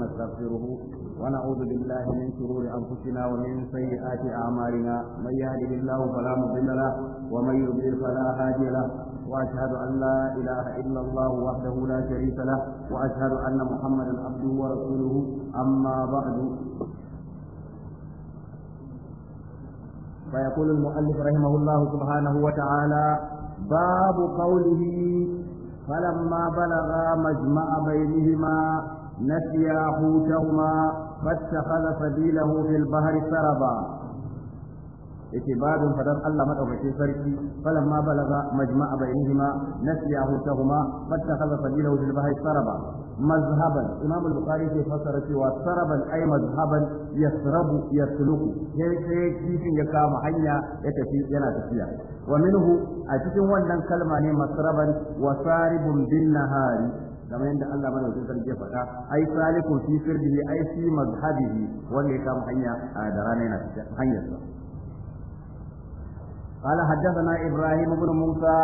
ونستغفره ونعوذ بالله من شرور أنفسنا ومن سيئات أعمالنا من يهده الله فلا مضل له ومن يضلل فلا هادي له وأشهد أن لا إله إلا الله وحده لا شريك له وأشهد أن محمدا عبده ورسوله أما بعد فيقول المؤلف رحمه الله سبحانه وتعالى باب قوله فلما بلغا مجمع بينهما نسيا حوتهما فاتخذ سبيله في البحر سربا yake babin fadar Allah madaukake sarki falan ma balaga majma'a bainihima nasiya hutahuma fatta kaza sabila wajil bahai saraba mazhaban imam al-bukhari ke fassara cewa saraban ai mazhaban yasrabu yasluku sai sai kifin ya kama hanya ya tafi yana tafiya wa minhu a cikin wannan kalma ne masraban wa binna bin kamar yadda Allah madaukakin sarki ya faɗa ai salikun fi sirrihi ai fi mazhabihi wanda ya kama hanya da rana yana hanyar sa قال حدثنا إبراهيم بن موسى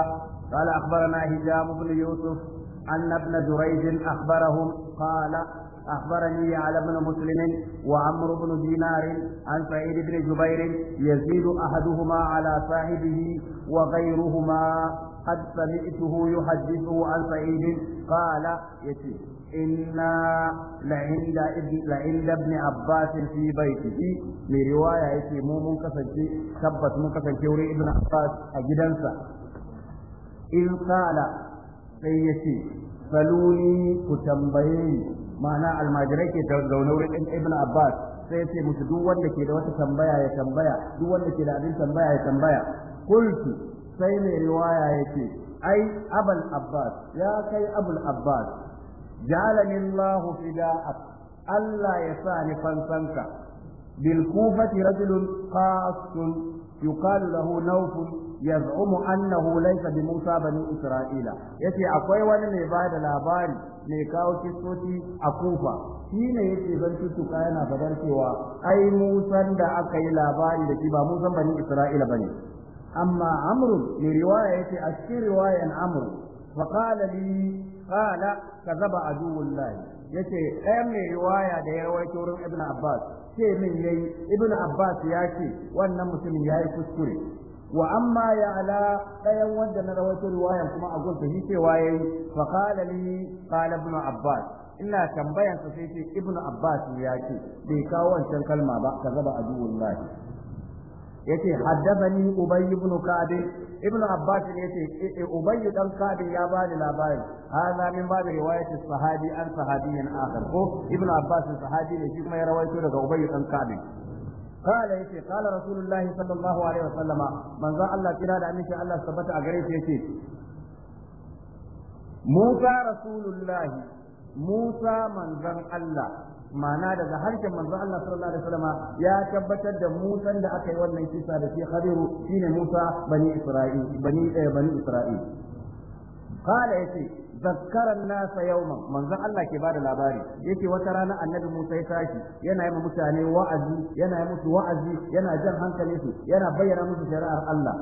قال أخبرنا هشام بن يوسف أن ابن جريج أخبرهم قال أخبرني على بن مسلم وعمرو بن دينار عن سعيد بن جبير يزيد أحدهما على صاحبه وغيرهما قد سمعته يحدثه عن سعيد قال يتي إنا لعند ابن لعند ابن عباس في بيته من رواية يتي مو منكسر ثبت منكسر كوري ابن عباس أجدنسا إذ قال سيتي saluni ku tambaye ni ma'ana almajirai ke zaune wurin ibn abbas sai ce musu duk wanda ke da wata tambaya ya tambaya duk wanda ke da abin tambaya ya tambaya kulki. sai mai riwaya yake ai abul abbas ya kai abul abbas ja'alani allah fida'ak allah ya sa ni fansanka bil kufati rajulun qasun yuqalu lahu nawfun yaz'umu annahu laysa bi Musa bani Isra'ila yace akwai wani mai ba da labari mai kawo kistoci a Kufa shine yace zan tutuka yana fadar cewa ai Musan da aka yi labari da shi ba Musan bani Isra'ila bane أما عمرو لرواية أشكي رواية عمرو فقال لي قال كذب عدو الله yace ɗayan mai riwaya da ya rawaito wurin ibn Abbas ce min yayi ibn Abbas ya ce wannan mutumin yi kuskure wa amma ya ala ɗayan wanda na rawaito riwayan kuma a gunta shi cewa yayi fa qala li qala ibn Abbas ina tambayan sa sai ce ibn Abbas ya ce bai kawo wancan kalma ba ka zaba aduwullahi yace haddathani ubay ibn ka'b ibn abbas yace eh, eh, ubay dan ka'b ya bani labari hadha min babi riwayati sahabi an sahabiyyin akhar ko ibn abbas sahabi ne shi kuma ya rawaito daga ubay dan ka'b Kala yace kala rasulullahi sallallahu alaihi wasallama manzo Allah kira da annabi Allah sabbata a gare shi yace Musa rasulullahi Musa manzon Allah ma'ana daga harshen manzo Allah sallallahu alaihi wasallam ya tabbatar da Musan da aka yi wannan kisa da shi Khadiru shine Musa bani Isra'il bani eh, bani Isra'il قال يسي zakkara nasa yauman manzo Allah ke bada labari yake wata rana annabi Musa ya tashi yana yi mutane wa'azi yana yi musu wa'azi yana jan hankalinsu yana bayyana musu shari'ar Allah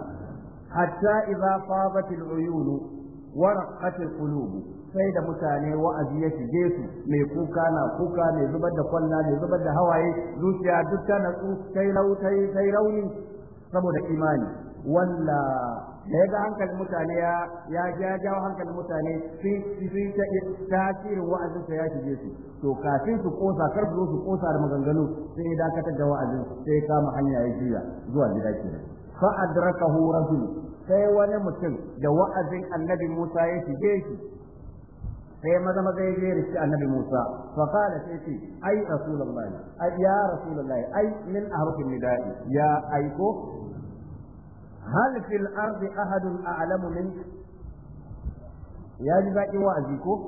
hatta idza fabatil uyunu warqatil qulub sai da mutane wa'azi ya shige su mai kuka na kuka mai zubar da kwalla mai zubar da hawaye zuciya duk ta natsu sai rautai rauni saboda imani walla da ya ga hankalin mutane ya ya jawo hankalin mutane sai ta tasirin wa'azin sa ya shige su to kafin su kosa kar su su kosa da maganganu sai ya dakatar da wa'azin sai kama hanya ya jiya zuwa gida kenan fa adrakahu rajul sai wani mutum da wa'azin annabi Musa ya shige shi sai maza maza ya je rishi annabi Musa fa qala sai ce ai rasulullahi ai ya rasulullahi ai min ahrufin nida'i ya aiko hal fil ardi ahadun a'lamu min ya ji zaƙin wa'azi ko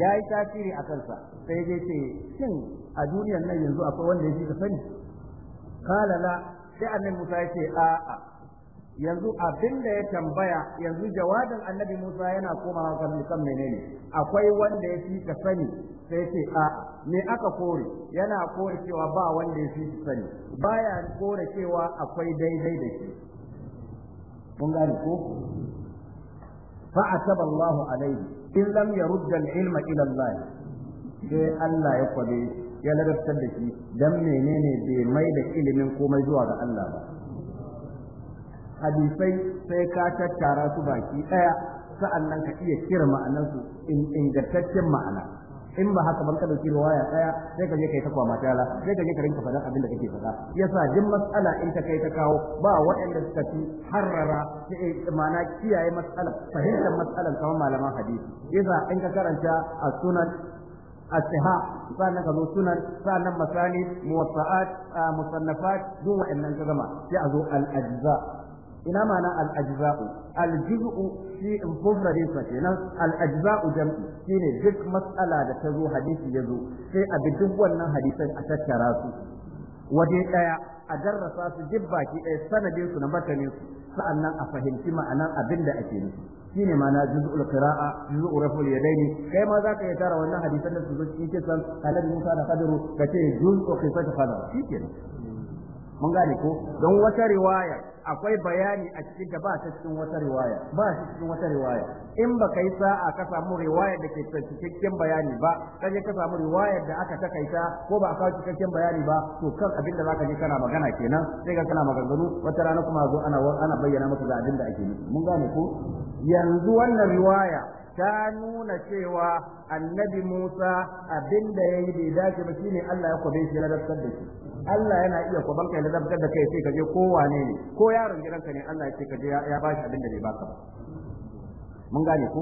ya yi tasiri a kansa sai ya ce shin a duniyar nan yanzu akwai wanda ya ji ka sani kala la sai annabi Musa ya ce a'a yanzu abin da ya tambaya yanzu jawabin annabi Musa yana komawa ga kan menene akwai wanda ya fi ka sani sai ce a me aka kore yana kore cewa ba wanda ya fi sani baya kore cewa akwai daidai da shi kun gane ko fa ataba Allah alaihi in lam yarudda al-ilma ila Allah sai Allah ya kwabe ya ladabtar da shi dan menene bai mai da ilimin komai zuwa ga Allah ba hadisai sai ka tattara su baki daya sa'annan ka iya kira ma'anarsu in ingantaccen ma'ana in ba haka ban ka dauki riwaya daya sai ka je kai ta kwama tala sai ka je ka rinka faɗan abin da kake faɗa yasa duk mas'ala in ta kai ta kawo ba waɗanda suka fi harrara eh, ma'ana kiyaye mas'ala fahimtar mas'alan kamar malaman hadisi yasa in ka karanta a sunan asiha sannan ka zo sunan sannan masani muwassa'at musannafat duk waɗannan ka gama sai a zo al-ajza ina mana al-ajza'u al-juz'u shi mufradin sa kenan al-ajza'u jam'i shine duk mas'ala da ta zo hadisi ya zo sai a bi duk wannan hadisan a tattara su waje daya a darrasa su duk baki ɗaya sanadin su na matanin su sa'annan a fahimci ma'anan abin da ake nufi shine ma'ana juz'ul qira'a juz'u raful yadaini kai ma zaka iya tara wannan hadisan da su zo cikin kisan halal Musa da Khadru kace juz'u qisat saka shikenan mun gane ko don wata riwaya akwai bayani a cikin da ba ta cikin wata riwaya ba ta cikin wata riwaya in ba kai sa'a ka samu riwaya da ke cikakken bayani ba kaje ka samu riwaya da aka takaita ko ba ka cikakken bayani ba to kan abin da zaka je kana magana kenan sai ka kana maganganu wata rana kuma zo ana ana bayyana maka ga abin da ake nufi mun gane ko yanzu wannan riwaya ta nuna cewa annabi Musa abin da ya yi bai dace ba shine Allah ya kwabe shi na ladabtar da shi Allah yana iya kwaban kai ladabtar da kai sai ka je kowane ne ko yaron gidanka ne Allah ya ce ka je ya ba shi abin da bai baka ba mun gane ku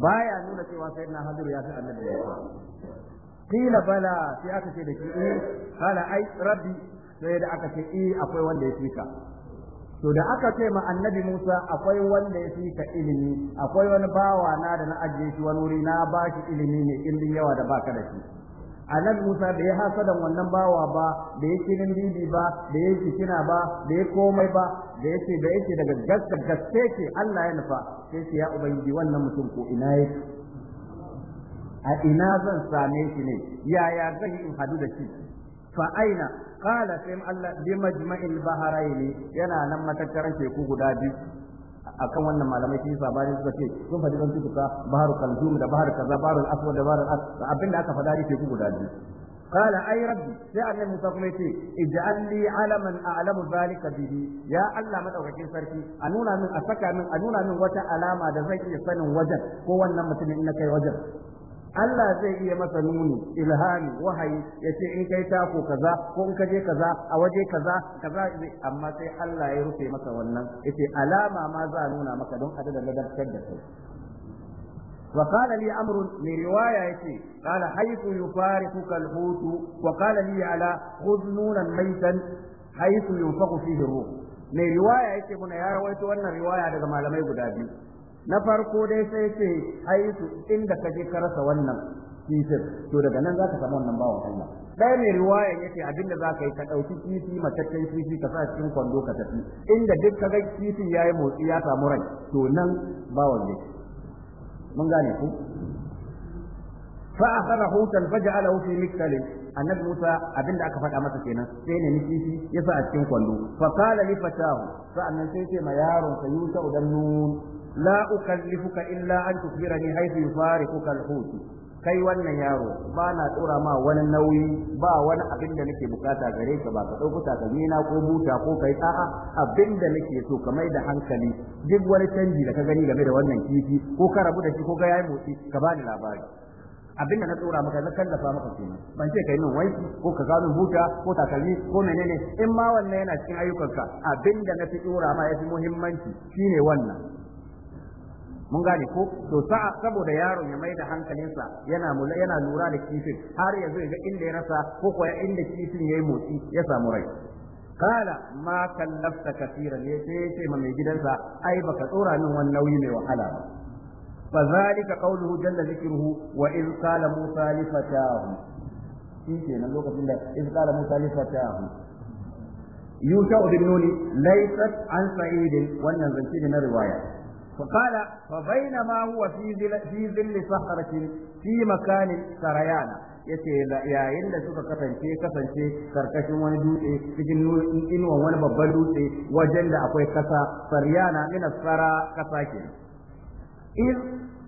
baya nuna cewa na hadiru ya fi annabi ya kila bala sai aka ce da shi eh ai rabbi sai da aka ce eh akwai wanda ya fika to da aka ce ma annabi Musa akwai wanda ya fi ka ilimi akwai wani bawa na da na ajiye shi wani wuri na ba shi ilimi ne ilmin yawa da baka da shi annabi Musa da ya hasadan wannan bawa ba da ya kirin bibi ba da ya kina ba da ya komai ba da ya ce da yake daga gaske gaske ce Allah ya nufa sai ce ya ubangiji wannan mutum ko ina yake a ina zan same shi ne yaya zan yi in hadu da shi fa aina qala sai Allah bi majma'il baharaini yana nan matattaran teku guda biyu akan wannan malamai su yi saɓani su ka ce sun fadi don cutuka baharu kanjumi da baharu kaza baharu asuwari da baharu as da aka fada ne ke ku guda biyu. Kala ai rabbi sai an yi musamman ya ce in al'amu zalika Kabiru ya Allah ma sarki a nuna min a saka min a nuna min wata alama da zai iya fannin wajen ko wannan musu in na kai wajen. Allah zai iya masa nuni ilhami wahayi ya ce in kai tako kaza ko in kaje kaza a waje kaza kaza amma sai Allah ya rufe maka wannan yace alama ma za nuna maka don adada ladabtar da kai وقال لي أمر من رواية قال حيث يفارقك الحوت وقال لي على خذ نونا ميتا حيث ينفق فيه الروح من رواية kuma يا رويت wannan riwaya هذا ما لم biyu. na farko dai sai ce haisu inda ka je ka rasa wannan kifin to daga nan za ka samu wannan bawan Allah ɗaya ne riwayan yace abin da za ka yi ka ɗauki kifi mataccen kifi ka sa cikin kwando ka tafi inda duk ka ga kifin ya yi motsi ya samu rai to nan bawan yake mun gane ku fa akhara hutan faj'alahu fi miktali annabi Musa abin da aka faɗa masa kenan sai ne kifi ya sa a cikin kwando fa qala li fatahu sa'annan sai ce ma yaron sa Yusuf dan nun la ukallifuka illa an tufirani haythu yufariquka al-hut kai wannan yaro ba na tsora ma wani nauyi ba wani abin da nake bukata gare ka ba ka ɗauko takalmina ko buta ko kai a'a abin da nake so ka mai da hankali duk wani canji da ka gani game da wannan kifi ko ka rabu da shi ko ga yayi motsi ka ba ni labari abin da na tsora maka na kallafa maka kenan ban ce kai min wanki ko ka gano buta ko takalmi ko menene in ma wannan yana cikin ayyukanka abin da na fi tsora ma yafi muhimmanci shine wannan mun gane ko to sa'a saboda yaron ya mai da hankalinsa yana yana lura da kifin har yanzu ya ga inda ya rasa ko ya inda kifin yayi motsi ya samu rai kala ma kallafta kafira ne sai ya ce ma mai gidansa ai baka tsora min wani nauyi mai wahala ba فذلك قوله جل ذكره وإذ قال موسى لفتاه shi kenan lokacin da in qala musa li fatahu yusha ibn nuni laysat an sa'id wannan zance ne na riwaya فقال فبينما هو في ذل في ظل صخرة في مكان سريانة yace yayin da suka kasance kasance karkashin wani dutse cikin inuwan wani babban dutse wajen da akwai kasa saryana min sara kasa ke in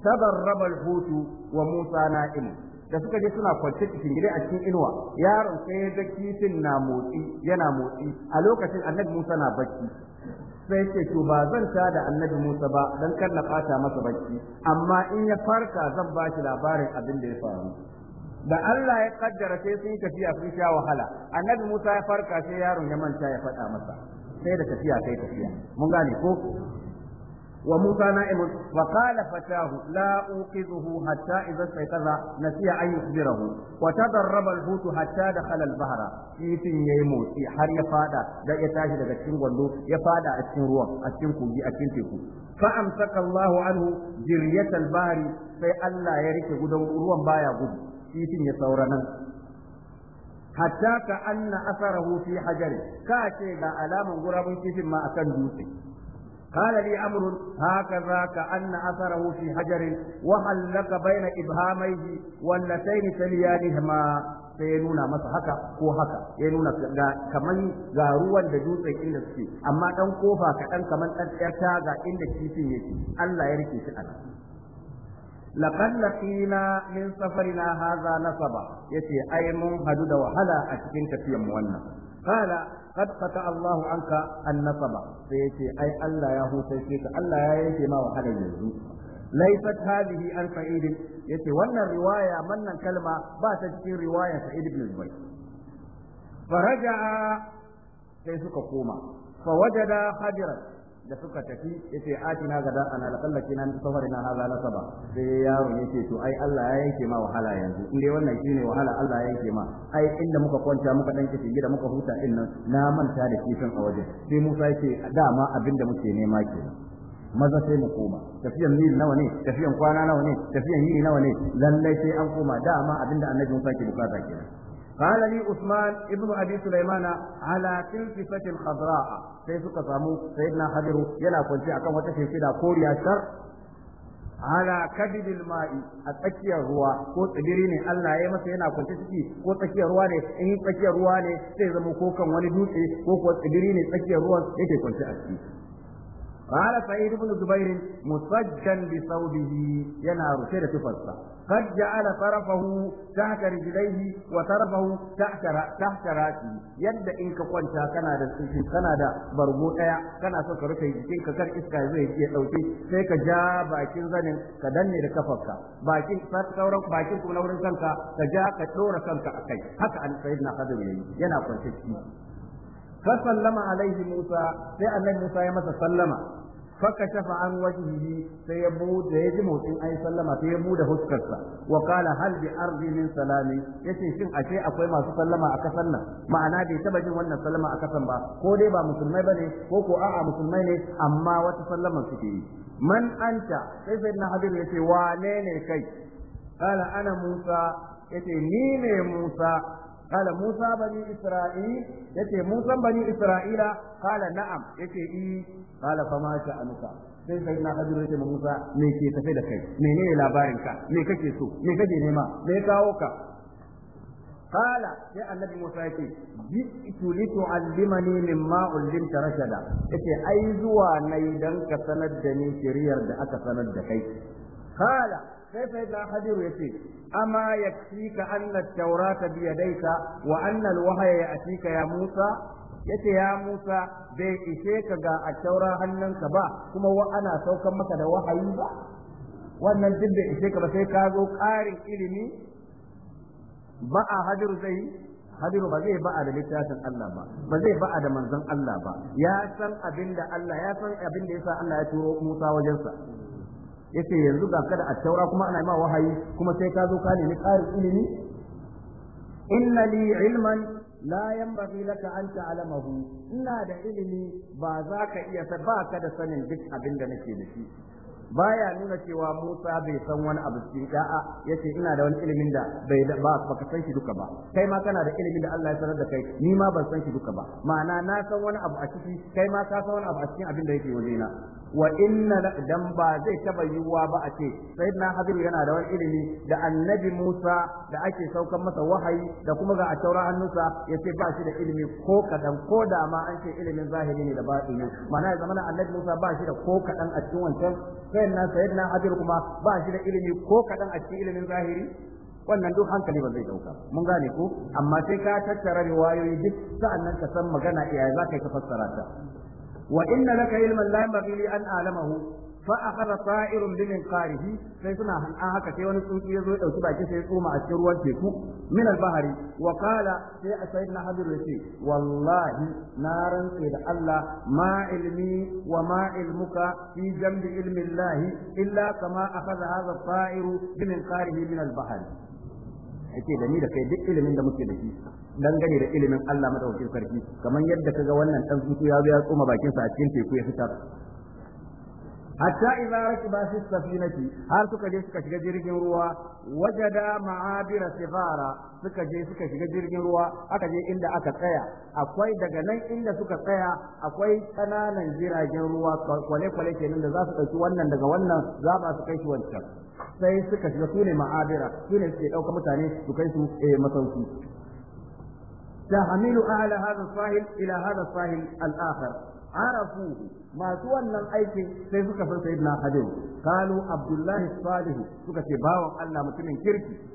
tabarraba al-hutu wa Musa na'im da suka je suna kwance cikin gida a cikin inuwa yaron sai ya ga kifin na motsi yana motsi a lokacin annabi Musa na bacci sai ce to ba zan ta da annabi Musa ba dan kar na fata masa bacci amma in ya farka zan ba shi labarin abin da ya faru da Allah ya kaddara sai sun tafiya sun sha wahala annabi Musa ya farka sai yaron ya manta ya faɗa masa sai da tafiya sai tafiya mun gane ko وموسى نائم وقال فتاه لا أوقظه حتى إذا استيقظ نسي أن يخبره وتدرب الحوت حتى دخل البحر كيفين يموت har ya fada da ya tashi daga cikin gwando ya fada a cikin ruwan a cikin kogi a cikin teku fa amsaka Allahu anhu jiryatal bahri sai Allah ya rike gudan ruwan baya gudu kifin ya saura nan hatta ka anna asarahu fi hajari ka ce ga alaman gurabun kifin ma akan dutse قال لي أمر هكذا كأن أثره في حجر وحلق بين إبهاميه واللتين تليانهما sai ya nuna masa haka ko haka ya nuna ga kaman ga ruwan da dutsen inda suke amma dan kofa kaɗan kaman ɗan ta ga inda kifin yake Allah ya rike shi a nan laqad laqina min safarina hadha nasaba yace ai mun hadu da wahala a cikin tafiyar mu wannan qala qad Allahu anka an-nasaba sai yace ai Allah ya husace ka Allah ya yanke ma wahala yanzu laifat hadhihi an sa'id yace wannan riwaya wannan kalma ba ta cikin riwaya sa'id ibn zubayr faraja sai suka koma fawajada hadiran da suka tafi yace na gada ana nan kina na haza na saba sai yaro yace to ai Allah ya yanke ma wahala yanzu in dai wannan shine wahala Allah ya yanke ma ai inda muka kwanta muka dan kici gida muka huta din nan na manta da kifin a waje sai Musa yace dama abinda muke nema kenan maza sai mu koma tafiyan mil nawa ne tafiyan kwana nawa ne tafiyan yini nawa ne lallai sai an koma dama abinda annabi Musa ke bukata kenan قال Usman Ibnu ابن Sulaimana سليمان على تلففة sai suka samu sayyidina hadiru yana kwance kan wata shekida koriya shar ala kadibil a tsakiyar ruwa ko tsibiri ne Allah ya masa yana kwance ciki ko tsakiyar ruwa ne in tsakiyar ruwa ne sai zama ko kan wani dutse ko kuwa tsibiri ne tsakiyar ruwan yake kwance a ciki قال سعيد بن جبير مسجا بثوبه ينار كده في فرصه قد جعل طرفه تحت رجليه وطرفه تحت تحت راسه يد انك كنت كان da kana da bargo daya kana so ka rufe jikin ka kar iska zai je dauke sai ka ja bakin zanin ka danne da kafarka bakin sauran bakin ka ja ka dora kanka akai haka an sayyidina hadir yayi yana kwance ciki fa sallama alaihi musa sai annabi musa ya masa sallama faka shafa an wajihi sai ya buɗe ya ji motsin ayi sallama sai ya buɗe huskarsa wa qala hal bi ardi min salami yace shin ashe akwai masu sallama a kasan nan ma'ana bai taba jin wannan sallama a kasan ba ko dai ba musulmai bane ko ko a'a musulmai ne amma wata sallama suke yi man anta sai sai na hadir yace wane ne kai qala ana musa yace ni ne musa قال موسى بني إسرائيل يتي موسى بني إسرائيل قال نعم يتي إيه قال فما شأنك sai sai na hajjiro yake ma Musa me ke tafe da kai menene labarin ka me kake so me kake nema me kawo ka qala sai annabi Musa yake bi tuli tu allimani mimma ullimta rashada yake ai zuwa yi dan ka sanar da ni shiriyar da aka sanar da kai qala sai sai da hadiru yace amma yakfika anna at ta bi yadayka wa anna al-wahya ya'tika ya Musa yace ya Musa bai ishe ka ga a taura hannunka ba kuma wa ana saukan maka da wahayi ba wannan duk bai ishe ka ba sai ka zo ƙarin ilimi ba a hadiru zai hadiru ba zai ba'a da littafin Allah ba ba zai ba'a da manzon Allah ba ya san abin da Allah ya san abin da yasa Allah ya turo Musa wajensa yace yanzu ga kada a taura kuma ana ma wahayi kuma sai ka zo ka nemi ƙarin ilimi inna li ilman la yanbaghi laka an ta'lamahu ina da ilimi ba za ka iya ba ka da sanin duk abin da nake da shi baya nuna cewa Musa bai san wani abu cikin da'a yace ina da wani ilimin da bai ba baka san shi duka ba kai ma kana da ilimin da Allah ya sanar da kai ni ma ban san shi duka ba ma'ana na san wani abu a ciki kai ma ka san wani abu a cikin abin da yake wajena wa inna dan ba zai taba yiwuwa ba a ce sayyidina hadir yana da wani ilimi da annabi Musa da ake saukan masa wahayi da kuma ga a taura hannunsa yace ba shi da ilimi ko kadan ko da ma an ce ilimin zahiri ne da batini ma'ana ya zamana annabi Musa ba shi da ko kadan a cikin wancan sayyidina na ajiyar kuma ba shi da ilimi ko kaɗan a cikin ilimin zahiri wannan duk hankali ba zai ɗauka mun gane ko amma sai ka tattara riwayoyi duk sa'annan ka san magana iyaye za ka yi ka fassara ta wa inna laka ilman la yanbaghi an alamahu fa akhadha ta'irun bi minqarihi sai suna han'an haka sai wani tsuntsu ya zo ya dauki baki sai ya tsoma a cikin ruwan teku min al-bahri wa qala sai sayyidina hadir yace wallahi na rantse da Allah ma ilmi wa ma ilmuka fi jambi ilmi Allah illa kama akhadha hadha tairu bi minqarihi min al-bahri yake da ni da kai duk ilimin da muke da shi dangane da ilimin Allah madaukakin sarki kamar yadda kaga wannan dan tsuntsu ya zo ya tsoma bakin sa a cikin teku ya fitar hatta idza rakiba fi safinati har suka je suka shiga jirgin ruwa wajada ma'abira sifara suka je suka shiga jirgin ruwa aka je inda aka tsaya akwai daga nan inda suka tsaya akwai kananan jiragen ruwa kwale-kwale kenan da za su ɗauki wannan daga wannan za ba su kai shi wancan sai suka shiga su ne ma'abira su ne suke ɗauka mutane su kai su eh, masauki تحمل أهل هذا الساحل إلى هذا الساحل الآخر arafuhu masu wannan aikin sai suka san sayyidina hadin kalu Abdullahi Salih suka ce bawan Allah mutumin kirki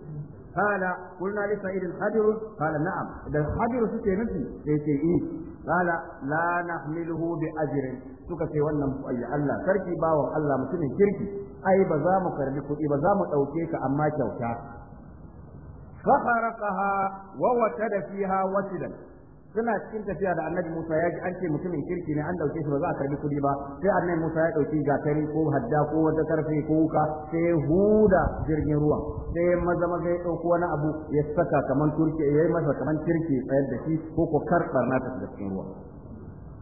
قال قلنا na'am الحجر قال نعم ده الحجر سكي نفي سيتي إيه قال لا نحمله بأجر suka ce wannan ya Allah sarki bawan Allah mutumin kirki ai ba za mu karbi kuɗi ba za mu ɗauke ka amma kyauta fa kharaqaha wa watada fiha wasilan suna cikin tafiya da annabi Musa ya ji an ce mutumin kirki ne an dauke shi ba za a karbi kudi ba sai annabi Musa ya dauki gatari ko hadda ko wata karfe ko wuka sai ya huda jirgin ruwa sai ya maza maza ya dauko wani abu ya saka kaman turke ya yi masa kamar kirki tsayar da shi ko ko karbar na cikin ruwa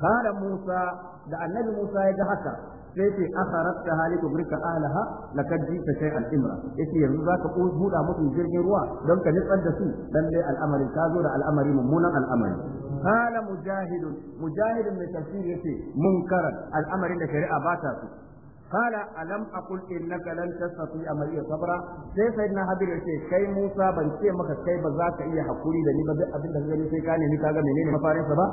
kada Musa da annabi Musa ya ga haka sai ce asarat ta hali ku burka alaha lakad ji ta kai al'imra yace yanzu zaka buɗa musu jirgin ruwa don ka nitsar da su lalle al'amari ka zo da al'amari mummunan al'amari qala mujahidun mujahidun mai tafsiri yace munkaran al'amarin da shari'a ba ta su قال ألم أقل إنك لن تستطيع معي صبرا sai na habir yace kai Musa ban ce maka kai ba za ka iya hakuri da ni ba duk abin da gani sai ka nemi ka ga menene mafarin ba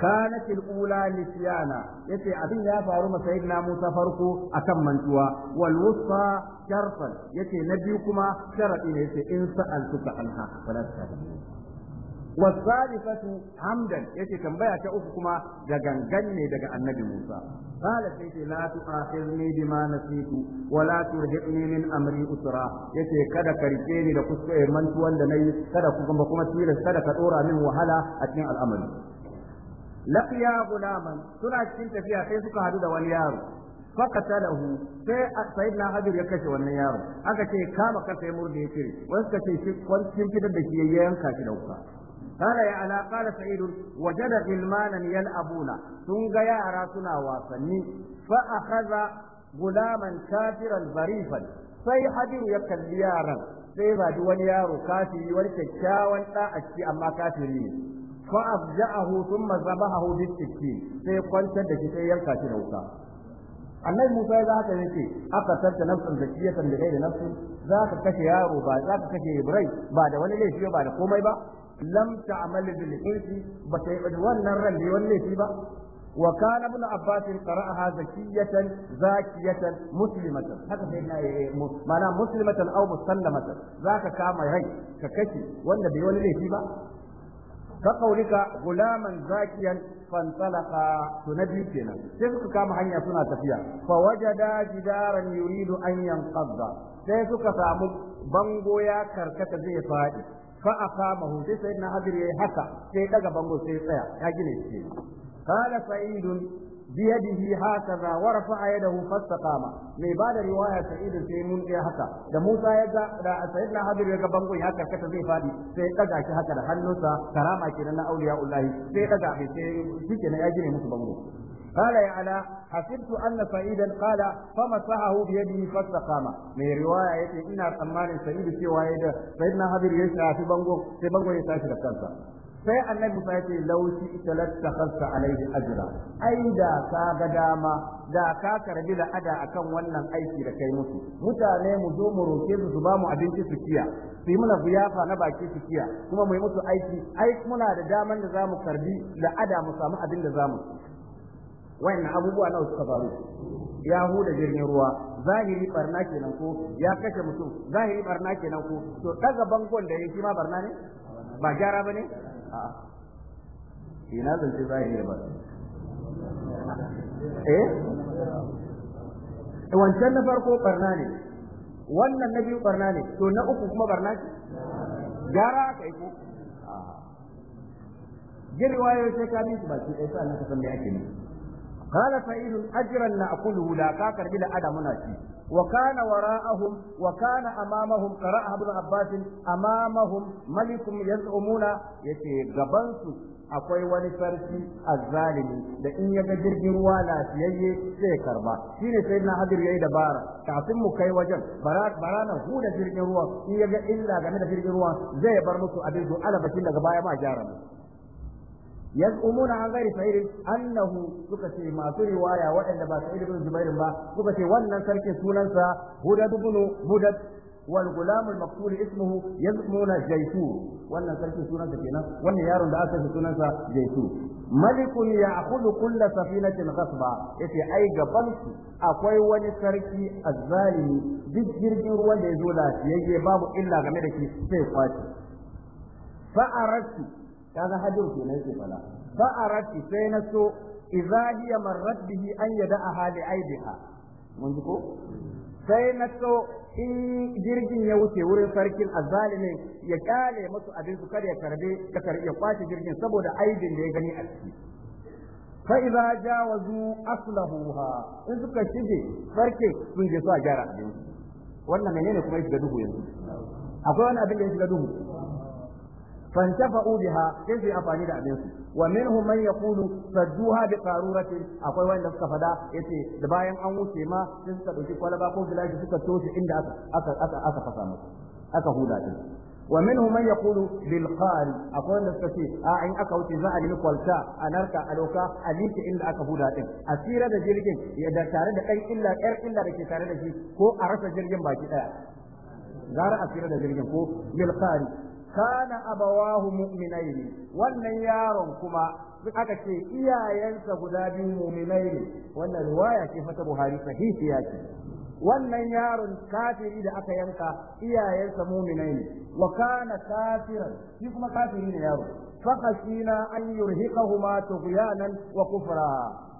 كانت الأولى نسيانا يتي أبين يا فارو سيدنا موسى فاركو أكم من توا والوسطى شرطا يتي نبيكما شرطي يتي إن سألتك عنها فلا تسألني والثالثة حمدا يتي كم تنبيا كأفكما دغنغني دغ النبي موسى قال سيدي لا تؤاخذني بما نسيت ولا ترهقني من أمري أسرا يتي كذا كريتيني لكسر منتوا لني كذا كذا كذا كذا كذا كذا كذا كذا كذا الأمر laqiya gulaman suna cikin tafiya sai suka hadu da wani yaro faqatalahu sai sayyidina hadir ya kashe wannan yaro aka ce kama ka sai murde ya cire wani suka ce shi kwancin fitar da shi ya yanka shi waje da يا علا abuna, سعيد ga yara suna wasanni, يارا سنا واسني فأخذ غلاما كافرا ظريفا sai hadiru ya kalli yaran sai ba wani yaro kafiri wani kyakkyawan da a ciki amma kafiri ne fa abja'ahu thumma zabahahu bis-sittin sai kwantar da shi sai yanka shi da wuka annabi Musa ya haka yake aka tarta nafsin zakiyatan da gairi za ka kashe yaro ba za ka kashe Ibrahim ba da wani laifi ba da komai ba lam ta'mal bil insi ba ta yi wannan ran da wani laifi ba wa kana ibn abbas qara'aha zakiyatan zakiyatan muslimatan haka sai na mana muslimatan aw Za ka kama rai ka kashe wanda bai wani laifi ba kaƙaunika gulaman zakiyan na biyu kenan sai suka kama hanya suna tafiya fawaja daji daren yuridu anyan yankaza sai suka samu bango ya karkata zai faɗi fa a kama hu sai na hadir ya haka sai daga bango sai tsaya ya gina shi kala sa'idun بيده هكذا ورفع يده فاستقام مي بعد رواية سعيد سيمون يا هكا ده موسى يجا ده سيدنا حبيب يجا بانكو يا هكا كتا زي فادي سي دغا شي هكا ده حنوسا كرامة كينا أولياء الله سي دغا في سي شيكنا يا جيني موسى بانكو قال يا علا حسبت أن سعيدا قال فمسحه بيده فاستقام من رواية إن أمان سعيد سوى سيدنا حبيب يشعى في بانكو سي بانكو يشعى في sai annabi Musa ya ce laushi italatta khassa alaihi ajra ai da ka ga dama da ka karbi la'ada akan wannan aiki da kai musu mutane mu zo mu roke su su bamu abinci su kiya su yi muna ziyafa na baki su kiya kuma mu yi musu aiki ai muna da daman da zamu karbi la'ada mu samu abin da zamu wayannan abubuwa nawa suka faru ya huda jirgin ruwa zahiri barna kenan ko ya kashe mutum zahiri barna kenan ko to daga bangon da yake ma barna ne ba gyara ba ne a'a ina zance a yi ba eh wancan na farko barna ne wannan na biyu barna ne to na uku kuma barna ce gyara aka yi ko jin riwayoyi sai ka bi su baki ɗaya sa'an ka san me ake ne قال سعيد أجرا نأكله لا كاكر Adamu na ناتي وكان وراءهم وكان امامهم قرأ ابن عباس امامهم ملك يزعمون يتي غبنسو akwai wani sarki azzalimi da in ya ga jirgin ruwa lafiyayye sai ya karba shi ne sai na hadir yayi dabara kafin mu kai wajen bara na huda jirgin ruwa in ya ga illa game da jirgin ruwa zai bar musu abin ala bakin daga baya ma gyara mu. yaz'umuna an ghairi sa'id annahu suka ce masu riwaya waɗanda ba sa'id ibn jubair ba suka ce wannan sarki sunansa hudad ibn hudad wal gulam al maqtul ismuhu yaz'umuna wannan sarki sunansa kenan wannan yaron da aka ce sunansa jaytur malikun ya'khudhu kull safinatin ghasba yace ai gaban su akwai wani sarki azzalimi duk jirgin ruwan da ya zo yake babu illa game da shi sai fa fa'aratu kaga hadin nan ke fala fa arati sai na so idza hiya marrat bihi an yada'a hali aibiha mun ji ko sai na so in jirgin ya wuce wurin sarkin azalimin ya kale musu abin su kada ya karbe ya kar ya kwace jirgin saboda aibin da ya gani a ciki idza jawazu aslahuha in suka shige farke sun je su a gyara abin wannan menene kuma ya shiga duhu yanzu akwai wani abin da yake da duhu fantafa'u biha sai su yi amfani da abin su wa minhum man yaqulu sadduha bi qaruratin akwai wanda suka fada yace da bayan an wuce ma sai suka dauki kwalaba ko gilashi suka toshe inda aka aka fasa musu aka huda din wa minhum man yaqulu bil akwai wanda suka ce a in aka wuce za a nemi kwalta a narka a doka a liki inda aka huda A asira da jirgin ya da tare da dan illa yar illa da ke tare da shi ko a rasa jirgin baki daya gara asira da jirgin ko bil kana abawahu mu'minaini wannan yaron kuma aka ce iyayensa guda biyu mu'minai ne wannan riwaya ce fata Buhari sahihiya ce wannan yaron kafiri da aka yanka iyayensa mu'minai ne wa kana kafiran shi kuma kafiri ne yaro fa khashina an yurhiqahuma tughyanan wa kufra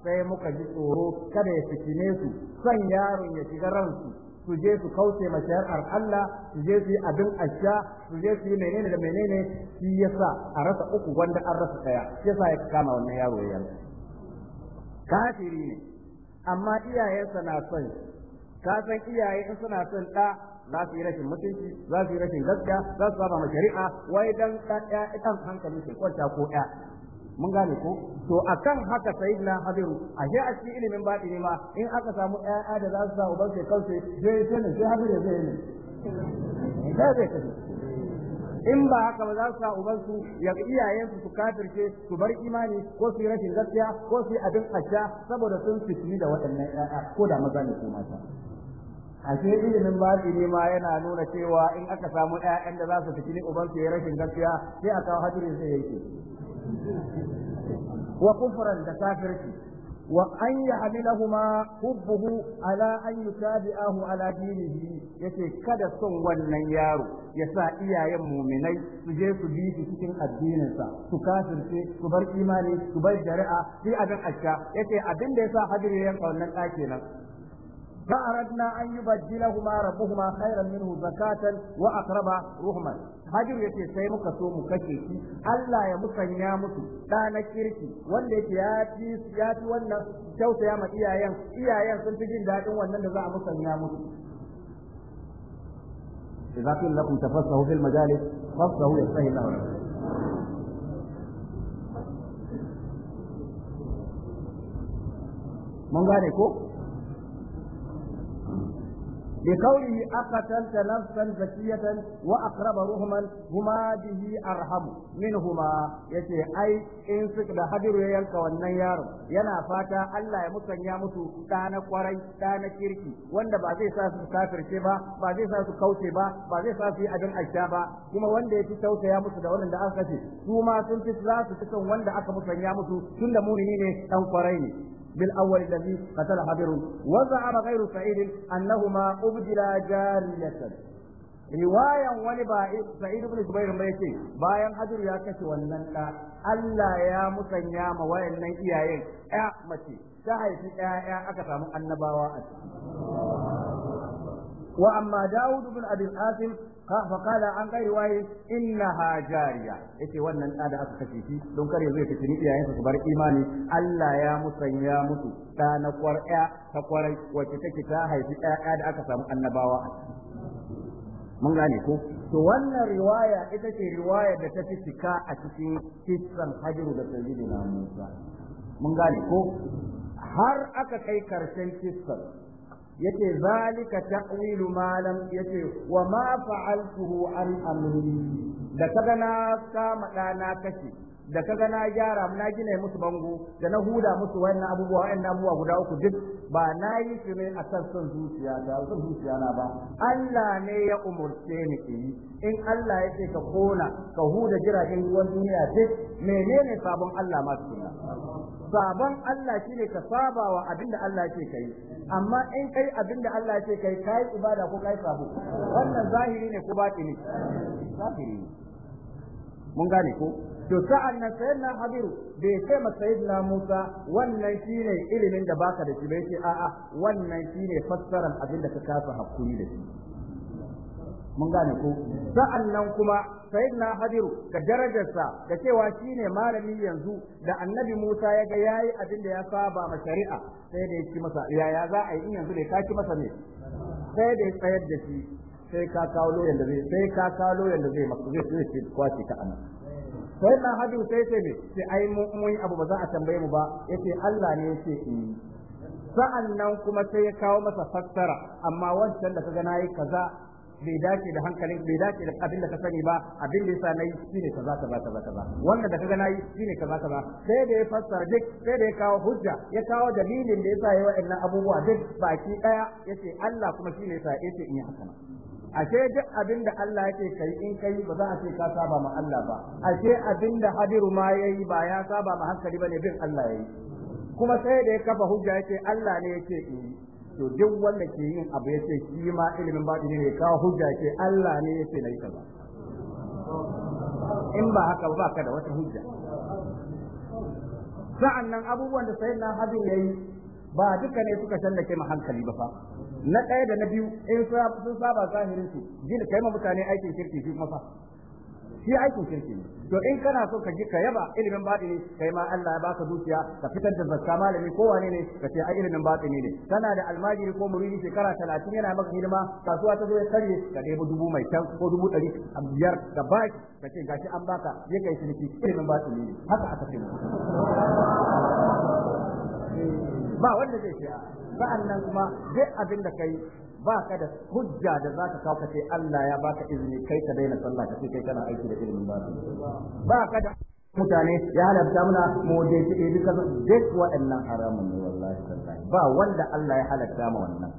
sai muka ji tsoro kada ya fitine su san yaron ya shiga ransu su je su kauce ma shari'ar Allah su je su yi abin asha su je su yi menene da menene shi yasa a rasa uku wanda an rasa daya shi yasa ya kama wannan yaro ya kafiri ne amma iyayensa na son ka san iyaye in suna son da za su yi rashin mutunci za su yi rashin gaskiya za su saba ma shari'a wai dan ɗan hankali ke kwanta ko ɗaya mun gane ko to akan haka sayyidina hadiru a je a cikin ilimin baɗi ne ma in aka samu ƴaƴa da za su sa uban sai kansu sai sai ne sai hadiru zai ne sai zai kace in ba haka ba za su sa uban su ya iyayen su su kafirce su bar imani ko su yi rashin gaskiya ko su yi abin asha saboda sun fitini da waɗannan ƴaƴa ko da maza ne ko mata ashe ilimin baɗi ne ma yana nuna cewa in aka samu ƴaƴan da za su fitini uban su yi rashin gaskiya sai a kawo hadiru sai yake wa kufran da kafirci wa an huma hubbuhu ala an yutabi'ahu ala dinihi yace kada son wannan yaro ya sa iyayen muminai su je su bi su cikin addininsa su kafirce su bar imani su bar jari'a, sai abin asha yace abin da yasa hadiri ya wannan ɗaki nan فأردنا أن يبدلهما ربهما خيرا منه زكاة وأقرب رحما hajir yace sai muka so mu kashe shi Allah ya musanya musu da na kirki wanda yake ya ci ya fi wannan tausaya ma iyayen iyayen sun fi jin daɗin wannan da za a musanya musu idza qil lakum tafassahu fil majalis fafsahu yastahi lahu mun gane ko لقوله أقتلت نفسا زكية وأقرب رهما هما به أرحم منهما يتي أي إنسك سكد حدر يلك والنيار ينا فاتا ألا يمسن يامسو تانا قري تانا كيركي وانا بعضي ساس مسافر شبا بعضي ساس كوشي با بعضي ساس أدن أشابا كما وانا يتي توسى يامسو دوانا دا أخشي كما سنتي سلاسو تكون وانا أكا مسن يامسو سنة مؤمنين أو قريني بالأول الذي قتلها بر وزعم غير سعيد أنهما أبدلا جارية riwayan wani ba sa'id ibn jubair bai ce bayan hajar ya kashe wannan da Allah ya musanya ma wayannan iyayen ya mace ta haifi ƴaƴa aka samu annabawa a ciki wa amma Dawudu ibn abi asim فقال عن غير واي انها جاريه yace wannan da da aka kace shi don kare zai kace ni iyayen su bar imani Allah ya musanya musu da na kwar'a ta kwarai wacce take ta haifi ɗaya da aka samu annabawa mun gane ko to wannan riwaya ita ce riwaya da ta fi cika a cikin kitsan hajiru da sayyidina Musa mun gane ko har aka kai karshen kitsan yace zalika ta'wilu ma lam yace wa ma fa'altuhu an amri da kaga na kama na kashe, da kaga na gyara na gina musu bango da na huda musu wayannan abubuwa wayannan abubuwa guda uku duk ba na yi su ne a kan son zuciya da son zuciya na ba Allah ne ya umurce ni in Allah ya ce ka kona ka huda jiragen ruwan duniya duk menene sabon Allah ma su Zaban Allah shine ka saba wa abin da Allah ke kai amma in kai abin da Allah ke kai kai ibada ko kai sabo wannan zahiri ne ko batini zahiri mun gane ko to sa'an nan sayan na habiru bai kai ma musa wannan shine ilimin da baka da shi bai ce a'a wannan shine fassarar abin da ka kasa hakuri da shi mun gane ko sa'annan kuma sayyidina hadiru da darajarsa da cewa shine malami yanzu da annabi Musa ya ga yayi abin da ya saba ma shari'a sai da ya ci masa yaya za a yi in yanzu ne ka ci masa ne sai da ya tsayar da shi sai ka kawo loyan da zai sai ka kawo loyan da zai maka zai zai kwace ta anan sai na sai sai ne sai ai mun abu ba za a tambaye mu ba yace Allah ne yace in sa'an nan kuma sai ya kawo masa fassara amma wancan da kaga nayi kaza bai dace da hankalin bai dace da abin da ka sani ba abin da yasa nayi shine kaza kaza kaza kaza wannan da kaga nayi shine kaza kaza sai da ya fassara duk sai da ya kawo hujja ya kawo dalilin da yasa yayi wa'annan abubuwa duk baki daya yace Allah kuma shine yasa yace in yi haka ashe duk abin da Allah yake kai in kai ba za a ce ka saba ma Allah ba ashe abin da Hadiru ma yayi ba ya saba ma hankali bane bin Allah yayi kuma sai da ya kafa hujja yace Allah ne yake in yi to duk wanda ke yin abu ya ce shi ma ilimin baɗi ne kawo hujja ke Allah ne ya ce na yi kaza in ba haka ba ka da wata hujja sa'an nan abubuwan da sayin na hadin ya yi ba duka ne suka ke ma hankali ba fa na ɗaya da na biyu in sun saba zahirin su gina kai ma mutane aikin kirki shi kuma fa shi aikin kirki ne to in kana so ka ji ka yaba ilimin batini kai ma Allah ya baka zuciya ka fitar da zakka malami ko wane ne ka ce ai ilimin batini ne kana da almajiri ko muridi shekara 30 yana maka hidima kasuwa ta zo ya karye ka dai dubu mai can ko dubu ɗari a biyar ka baki ka ce gashi an baka ya kai ciniki ilimin batini ne haka aka ce ba wanda zai ce sa'an nan kuma duk abin da kai ba ka da hujja da za ka kawo ka ce Allah ya baka izini kai ka daina sallah ka ce kai kana aiki da ilimin ba ba ka da mutane ya halatta muna mu da shi ibi kaza duk waɗannan haramun ne wallahi tallahi ba wanda Allah ya halatta ma wannan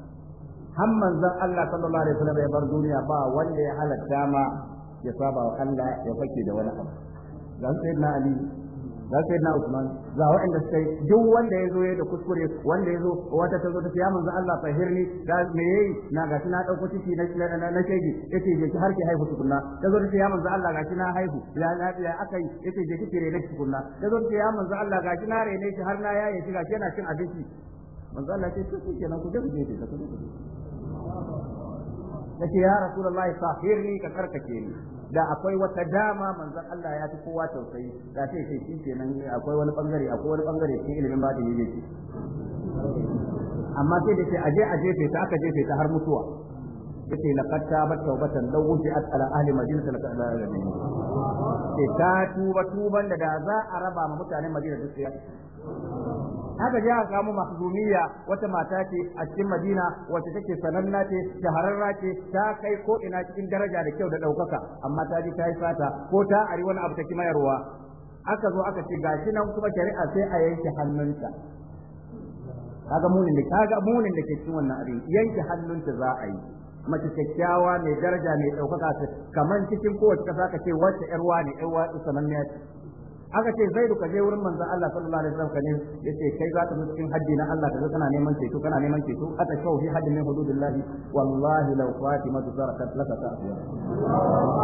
har manzon Allah sallallahu alaihi wasallam ya bar duniya ba wanda ya halatta ma ya saba wa Allah ya fake da wani abu dan sayyidina Ali za sai na Usman za waɗanda suka yi duk wanda ya zo ya da kuskure wanda ya zo wata ta zo ta ya manzo Allah fahirni da me yayi na ga na dauko ciki na na shege yace je ki har ki haihu tukunna ta zo ta ya manzo Allah ga na haihu ya na ya akai yace je ki kire na tukunna ta zo ta ya manzo Allah ga na rene shi har na yaye shi gashi yana cin abinci manzo Allah ce ku nan ku da ku je ku je nace ya rasulullahi fahirni ka karkake ni da akwai wata dama manzon Allah ya fi kowa tausayi da sai sai shi kenan akwai wani bangare akwai wani bangare shi ilimin batini ne ce amma sai da ce aje a jefe ta aka jefe ta har mutuwa yace laqad tabat tawbatan law wufi'at ala ahli madina laqad alamin ce ta tuba tuban da da za a raba ma mutanen madina duk sai haka je a samu mahzumiya wata mata ce a cikin Madina wacce take sananna ce shahararra ce ta kai ko ina cikin daraja da kyau da ɗaukaka amma ta ji ta yi fata ko ta ari wani abu ta mayarwa aka zo aka ce gashi nan kuma shari'a sai a yanke hannunta kaga munin da kaga munin da ke cikin wannan abin yanke hannunta za a yi mace kyakkyawa mai daraja mai ɗaukaka kamar cikin kowace ƙasa ka ce wacce ƴar wani ƴar wani sananniya ce aka ce zai ka je wurin manzon Allah sallallahu alaihi wasallam ne. yace kai za ka zo cikin haddi na Allah kaza kana neman ceto kana neman ceto ata shau fi haddin min hududillah wallahi law fatima tuzarakat laka ta'fiya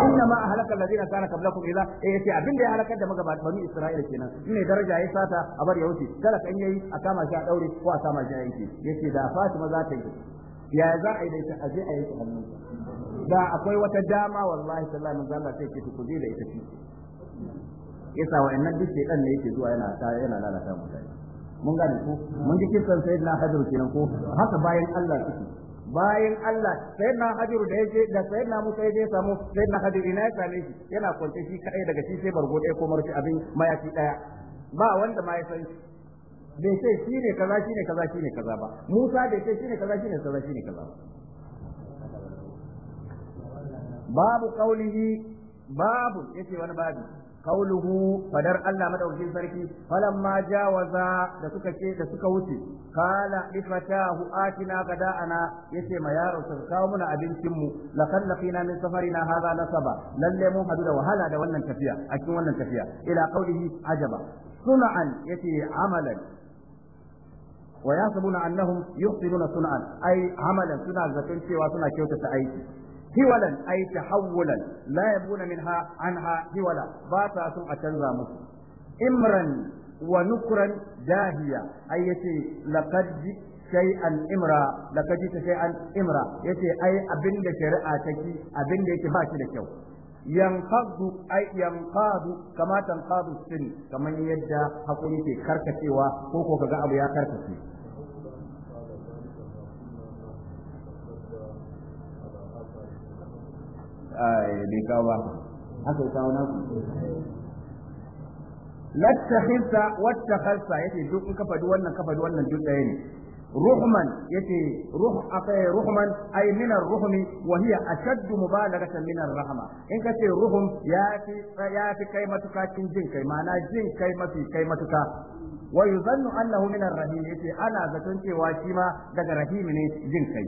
inna ma ahlaka alladhina kana qablakum ila eh yace abin da ya halaka da magabata bani Isra'ila kenan ne daraja ya sata a bar ya wuce kala kan yayi a kama shi a daure ko a kama shi a yanki. yace da fatima za ta yi ya za a yi da ita a je a yanke hannunsa da akwai wata dama wallahi sallallahu alaihi wasallam sai ke ku je da ita yasa wa'annan duk shedan ne yake zuwa yana yana lalata mutane mun gane ko mun ji kisan sayyidina hajar kenan ko haka bayan Allah suke bayan Allah sayyidina hajar da yake da sayyidina Musa yake samu sayyidina hajar ina ya same shi yana kwance shi kai daga shi sai bargo ɗaya ko marci abin mayafi ɗaya ba wanda ma ya san bai sai shi ne kaza shi ne kaza shi ne kaza ba Musa bai sai shi ne kaza shi ne kaza shi ne kaza ba babu kaulihi babu yake wani babu قوله فدر الله مدوكين سركي فلما جاوزا da suka ce da suka wuce kala gada atina gada'ana yace ma yaro su kawo muna abincin mu laqad laqina min safarina hadha nasaba lalle mun hadu da wahala da wannan tafiya a wannan tafiya ila qawlihi ajaba sun'an yace amalan ويحسبون انهم يحسنون صنعا اي عملا suna zaton cewa suna kyautata aiki hiwalan ay tahawulan la yabuna minha anha hiwala ba ta son a canza musu imran wa nukran dahiya ay yace laqad shay'an imra laqad jita shay'an imra yace ai abinda shari'a take abinda yake ba shi da kyau yanqadu ay yanqadu kama tanqadu sun kamar yadda hakuri ke karkacewa ko ko kaga abu ya karkace bai kawo ba ya yace duk in kafa wannan kafa wannan duk ɗaya ne ruhman yake ruh akai ruhman ay min ar-ruhmi wa hiya ashadd mubalaghatan min ar-rahma in ce ruhum ya fi kai matuka cin jin kai ma'ana jin kai mafi kai matuka wa yuzannu annahu min ar-rahim yace ana zaton cewa shi ma daga rahim ne jin kai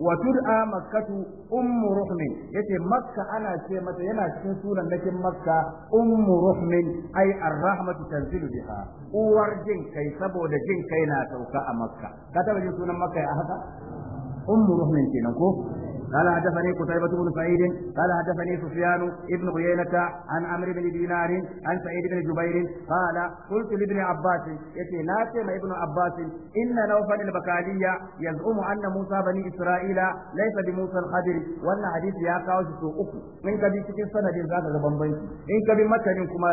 wa tud'a makkatu ummu ruhmin yace makka ana ce mata yana cikin sunan nakin makka ummu ruhmin ai ar-rahmatu tanzilu biha uwar jin kai saboda jin kai na sauka a makka ka taba jin sunan makka ya haka ummu ruhmin kenan ko قال حدثني قتيبة بن سعيد قال حدثني سفيان بن عيينة عن عمرو بن دينار عن سعيد بن جبير قال قلت لابن عباس يتي ناتم ابن عباس إن نوفل البكالية يزعم أن موسى بني إسرائيل ليس بموسى الخضر وأن حديث يا كاوش سوء من كبي cikin sanadin zaka ga bambanci in ka bi matanin kuma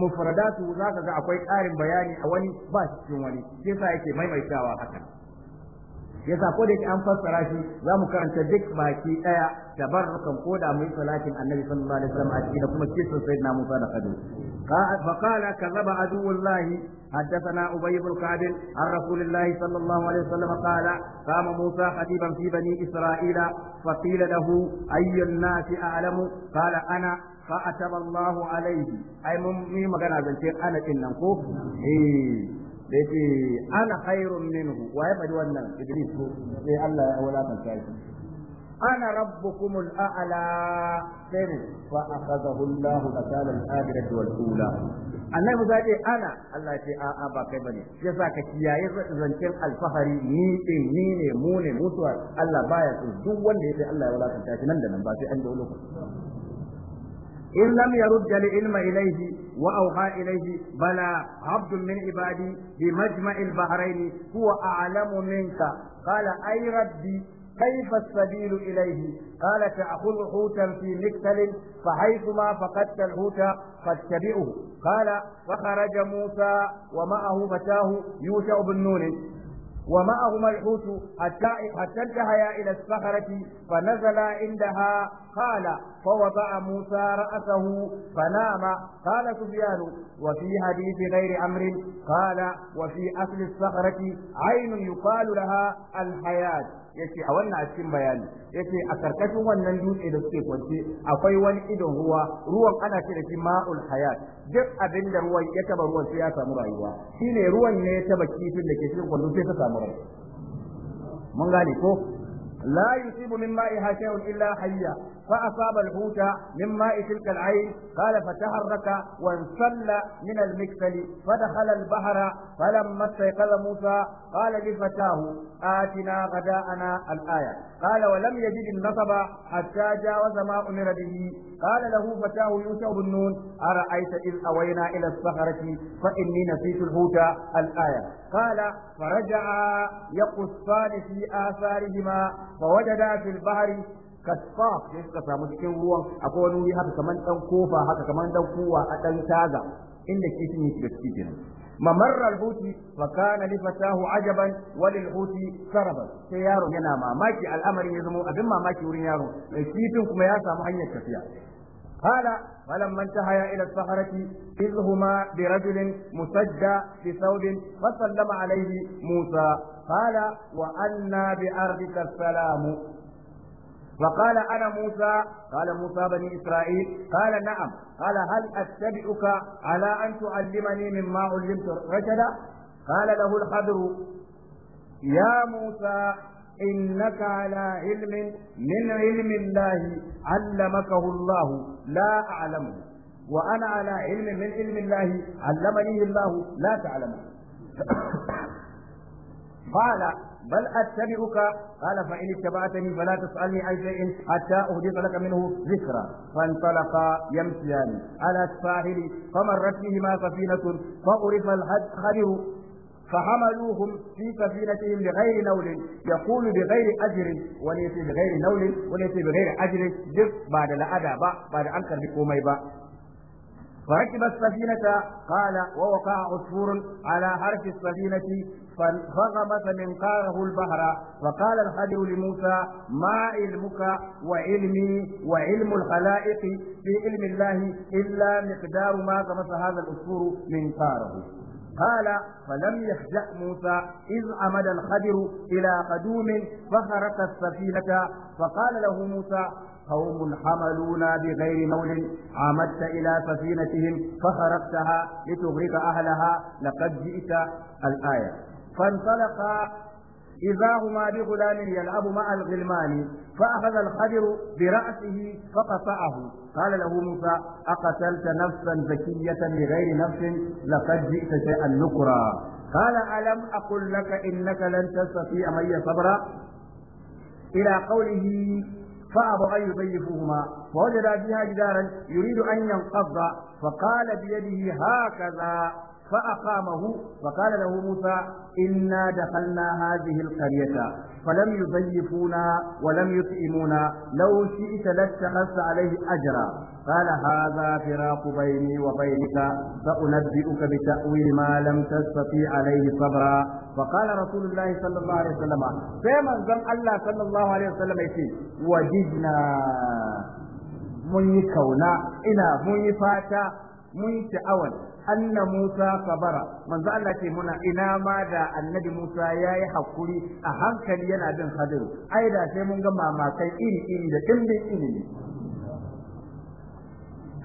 mufradatu zaka ga akwai ƙarin bayani a wani ba cikin wani sai sa yake maimaitawa haka yasa ko da yake an fassara shi za mu karanta duk baki daya tabarrukan ko da mu yi salatin annabi sallallahu alaihi wasallam a cikin kuma kisan na Musa da Khadijah فقال كذب عدو Haddasa حدثنا أبي بن كعب عن رسول الله صلى الله عليه وسلم قال قام موسى خطيبا في بني إسرائيل فقيل له أي الناس أعلم قال أنا فأتب الله عليه أي من مغنى أنا إنكم إيه da yake ana khairun minhu wa ya faɗi wannan iblis ko sai Allah ya shi ana rabbukumul a'la sai fa akhadahu Allah nakala al-akhirati wal ula annabi ce ana Allah ce a a ba kai bane yasa ka kiyaye zancen alfahari ni din ni ne mu ne mutuwa Allah baya so duk wanda ya fi Allah ya wulakanta shi nan da nan ba sai an da lokaci in lam yarudda li ilma ilayhi وأوحى إليه بلى عبد من عبادي بمجمع البحرين هو أعلم منك قال أي ربي كيف السبيل إليه قال تأخذ حوتا في مكتل فحيثما فقدت الحوت فاتبعه قال فخرج موسى ومعه فتاه يوشع بن نون ومعهما الحوت حتى حتى انتهيا الى الصخره فنزلا عندها قال فوضع موسى راسه فنام قال سفيان وفي حديث غير امر قال وفي اصل الصخره عين يقال لها الحياه yace a wannan cikin bayani yace a karkashin wannan dutse da suke kwance akwai wani idon ruwa ruwan ana ce da shi ma'ul hayat duk abin da ruwan ya taba ruwan sai ya samu rayuwa shine ruwan ne ya taba kifin da ke cikin kwando sai ta samu rayuwa mun gane ko la yusibu min ma'i shay'un illa hayya فأصاب الحوت من ماء تلك العين قال فتحرك وانسل من المكسل فدخل البحر فلما استيقظ موسى قال لفتاه آتنا غداءنا الآية قال ولم يجد النصب حتى جاوز ما أمر به قال له فتاه يوسف بن نون أرأيت إذ أوينا إلى الصخرة فإني نسيت الحوت الآية قال فرجعا يقصان في آثارهما فوجدا في البحر Kasfa da suka samu cikin ruwan akwai wani wuri haka kaman dan kofa haka kaman dan kuwa a dan taga inda kishin yake da ciki kenan mamar alhuti fa kana li fatahu ajaban wa lil huti saraba sai yaro yana mamaki al'amarin ya zama abin mamaki wurin yaro kitin kuma ya samu hanyar tafiya قال فلما انتهيا الى الصخرة اذ هما fa sallama بثوب Musa, عليه wa 'Anna وأنا بأرضك salamu. فقال أنا موسى قال موسى بني إسرائيل قال نعم قال هل أتبعك على أن تعلمني مما علمت رشدا قال له الخضر يا موسى إنك على علم من علم الله علمكه الله لا أعلمه وأنا على علم من علم الله علمني الله لا تعلمه قال بل أتبعك قال فإن اتبعتني فلا تسألني عن شيء حتى أحدث لك منه ذكرا فانطلقا يمشيان على الساحل فمرت بهما سفينة فعرف الخدر فحملوهم في سفينتهم بغير نول يقول بغير أجر وليس بغير نول وليس بغير أجر دف بعد لا أدى بعد أنكر بكومي با فركب السفينة قال ووقع عصفور على حرف السفينة فغمس منقاره البحر فقال الخدر لموسى ما علمك وعلمي وعلم الخلائق في علم الله إلا مقدار ما غمس هذا العصفور منقاره قال فلم يخجأ موسى إذ عمد الخدر إلى قدوم فخرق السفينة فقال له موسى قوم حملونا بغير مول عمدت إلى سفينتهم فخرقتها لتغرق أهلها لقد جئت الآية فانطلقا إذا هما بغلام يلعب مع الغلمان فأخذ الخدر برأسه فقطعه قال له موسى أقتلت نفسا زكية بغير نفس لقد جئت شيئا نكرا قال ألم أقل لك إنك لن تستطيع من صبرا إلى قوله فأبوا أن يضيفوهما فوجد فيها جدارا يريد أن ينقض فقال بيده هكذا فأقامه فقال له موسى إنا دخلنا هذه القرية فلم يضيفونا ولم يطعمونا لو شئت لاتخذت عليه أجرا قال هذا فراق بيني وبينك سأنبئك بتأويل ما لم تستطيع عليه صبرا فقال رسول الله صلى الله عليه وسلم فمن زم الله صلى الله عليه وسلم يسي وجدنا من كونا إنا من فاتا من شعوان أن موسى صبر من زال لك منا إنا ماذا النبي موسى يا يحقلي أهم كان ينا بن خدر أيضا سيمون ما ما كان إني إني إني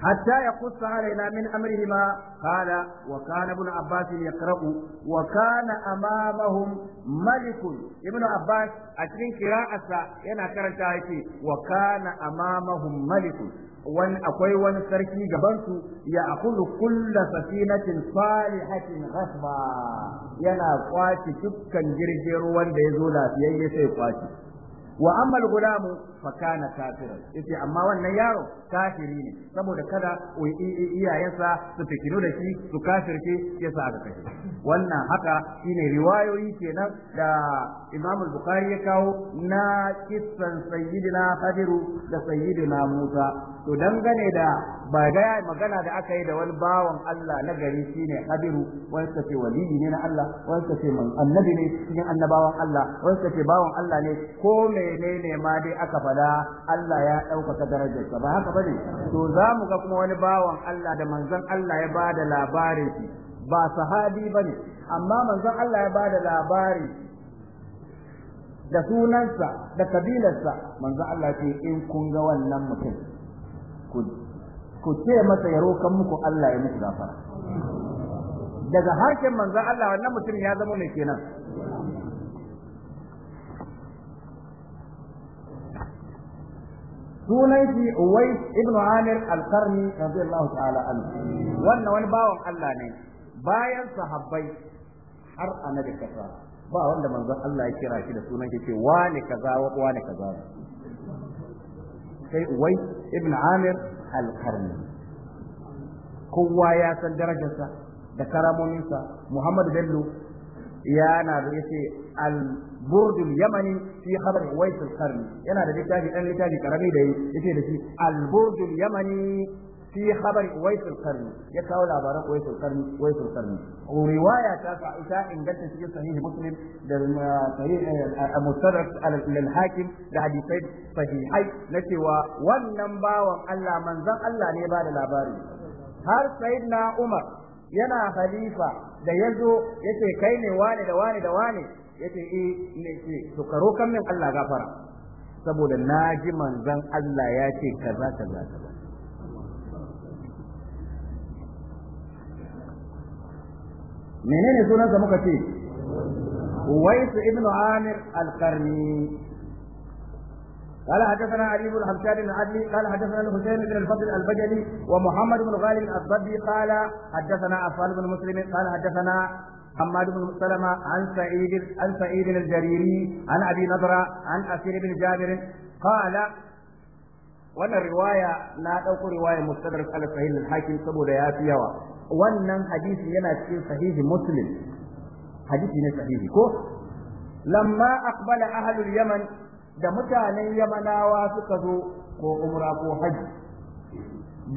حتى يقص علينا من أمرهما قال وكان ابن عباس يقرأ وكان أمامهم ملك ابن عباس أترين قراءة ينا كرن وكان أمامهم ملك وان أقوي وان سركي جبنت يأخذ كل سفينة صالحة غصبا ينا قواتي شكا جرجر وان بيزولا في أي شيء قواتي وأما الغلام fa kana kafiran yace amma wannan yaro kafiri ne saboda kada iyayensa su fitino da shi su kafirce yasa aka kashe wannan haka shine riwayoyi kenan da Imam Bukhari ya kawo na kissan sayyidina Khadiru da sayyidina Musa to dangane da ba ga magana da aka yi da wani bawan Allah na gari shine Khadiru wani suka ce waliyi ne na Allah wani suka ce annabi ne shine annabawan Allah wani suka ce bawan Allah ne ko menene ma dai aka fa ta'ala Allah ya ɗaukaka darajarsa ba haka bane to za mu ga kuma wani bawan Allah da manzon Allah ya bada labarin shi ba sahabi bane amma manzon Allah ya bada labarin da sunansa da kabilarsa manzon Allah ce in kun ga wannan mutum ku ce masa ya rokan muku Allah ya muku gafara daga harshen manzon Allah wannan mutum ya zama mai kenan sunan shi Uwais ibn Amir al-Karni radiyallahu ta'ala anhu wannan wani bawan Allah ne bayan sahabbai har annabi kaza ba wanda manzon Allah ya kira shi da sunan shi ce wani kaza wa wani kaza sai Uwais ibn Amir al-Karni kowa ya san darajarsa da karamominsa Muhammad Bello yana da yace al burdul yamani fi khabar wais al yana da littafi dan littafi karami da yake da shi al burdul yamani fi khabar wais al ya kawo labaran wais al-qarni wais riwaya ta ta inganta cikin sahih muslim da uh, sahih uh, al-mustadrak al da hadisai sahihai na cewa wannan bawan Allah manzon Allah ne ba da labari har na Umar yana halifa da ya zo kai ne wane da wane da wane yace eh ne ce to karo kan min Allah gafara saboda na ji manzon Allah ya ce kaza kaza kaza menene sunansa muka ce Uwaisu Ibn Amir al-Qarni قال حدثنا علي بن حمشاد العدلي قال حدثنا الحسين بن الفضل البجلي ومحمد بن غالب الضبي قال حدثنا أفضل بن مسلم قال حدثنا حماد بن سلمة عن سعيد عن سعيد الجريري عن أبي نضرة عن أسير بن جابر قال وانا رواية لا أوق رواية مستدرك على صحيح الحاكم سبو ياتي يوا وانا حديث ينا صحيح مسلم حديث ينا صحيح كو لما أقبل أهل اليمن da mutanen yamanawa suka zo ko umra ko haji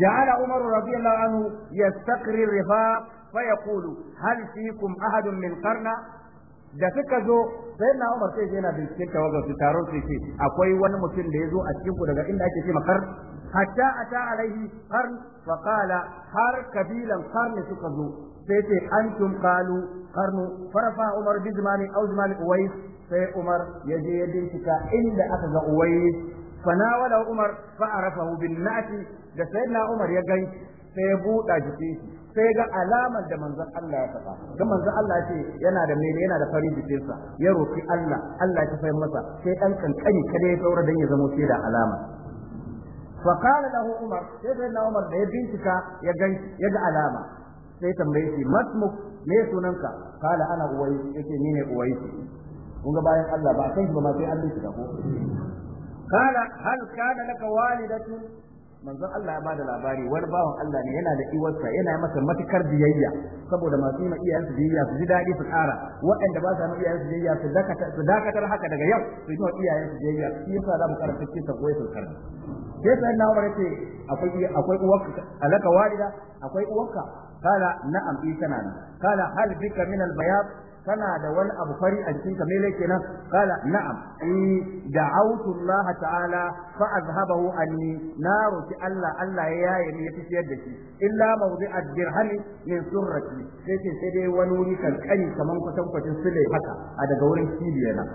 ja'ala umar radiyallahu anhu yastaqri rifaq fa yaqulu hal fiikum ahadun min qarna da suka zo sai na umar sai yana binciken tawagar su taron su ce akwai wani mutum da ya zo a cikin ku daga inda ake ce makar hatta ata alaihi qarn fa qala har kabilan qarn suka zo sai ce antum qalu qarnu farfa umar bi zamani aw zamani uwais sai Umar ya je ya bincika inda aka ga na wada Umar fa arafahu bin nati da sayyidina Umar ya gani sai ya buɗa jikin shi sai ga alamar da manzon Allah ya faɗa ga manzon Allah ce yana da mene yana da farin jikin sa ya roki Allah Allah ya fahimta masa sai dan kankani kada ya saura dan ya zama sai da alama fa qala lahu Umar sai na Umar da ya bincika ya gan ya ga alama sai tambaye shi masmuk me sunanka kala ana uwai yake ni ne uwai kun ga bayan Allah ba kai shi ba ma sai an bincika ko Kala hal kana laka walidatu, manzon Allah ya bada labari wani bawan Allah ne yana da iwarsa yana masa matukar biyayya saboda masu yi iyayen su biyayya su ji daɗi su tsara, waɗanda ba sa ma iyayen su biyayya su dakatar su dakatar haka daga yau su yi wa iyayen su biyayya shi yasa za mu karanta cikin sa goyi sun karanta sai sai na ce akwai akwai uwarka alaka walida akwai uwarka kala na'am isa eh, nan kala hal bika min al kana da wani abu fari a cikin kamele kenan qala na'am in da'awtu Allah ta'ala fa azhabahu anni na roki Allah Allah ya yaye ni ya tafiyar da shi illa mawdi ad-dirhami min surrati sai sai dai wani wuri kankani kaman kwatan kwatin sule haka a daga wurin kibiyana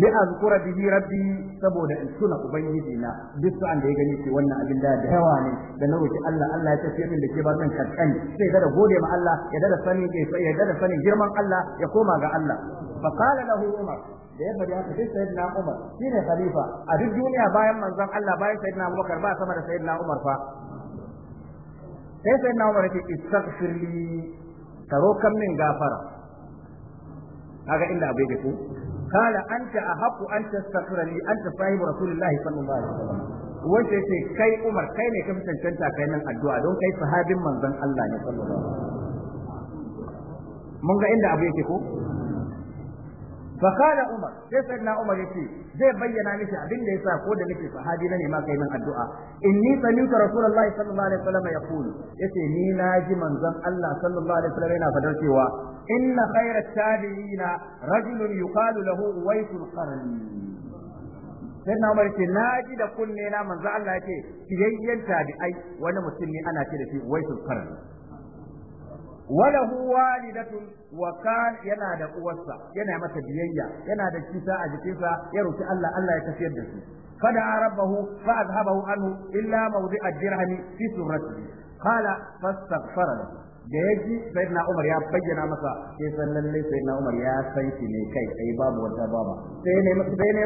li azkura bihi rabbi saboda in tuna ubangiji na duk sa'an da ya gani ce wannan abin da da yawa ne da na roki Allah Allah ya ce min da ke ba zan karkan sai da gode ma Allah ya da sanin ke sai ya da sanin girman Allah ya koma ga Allah fa qala lahu umar da ya faɗi haka sai sayyidina umar shine khalifa a duk duniya bayan manzon Allah bayan sayyidina Abubakar ba sama da sayyidina umar fa sai sayyidina umar yake istaghfirli taro kan min gafara kaga inda abu da ku قال أنت أحق أن تستغفر لي أنت صاحب رسول الله صلى الله عليه وسلم wanda ce kai Umar kai ne ka cancanta kai nan addu'a don kai sahabin manzon Allah ne sallallahu alaihi wasallam mun ga inda abu yake ko فقال Umar, sai sayyidina Umar yace zai bayyana miki abin da yasa ko da nake sahabi na ne ma kai min addu'a inni sami'tu rasulullahi sallallahu alaihi wasallam yaqulu yace ni na ji manzon Allah sallallahu alaihi wasallam yana fadar cewa inna khayra tabi'ina rajulun yuqalu lahu uwaisul qarni sai na umar ce na ji da kunne na manzo Allah yake kiyayyen tabi'ai wani mutum ne ana ce da shi waisul qarni walahu walidatun wa kan yana da uwarsa yana mata biyayya yana da kisa a jikinsa ya roki Allah Allah ya tafiyar da su fada rabbahu fa azhabahu anhu illa mawdi'a dirhami fi surrati qala fastaghfara lahu da ya ji sayyidina Umar ya bayyana masa sai san lalle sayyidina Umar ya san shi ne kai sai babu wata baba sai ne sai ne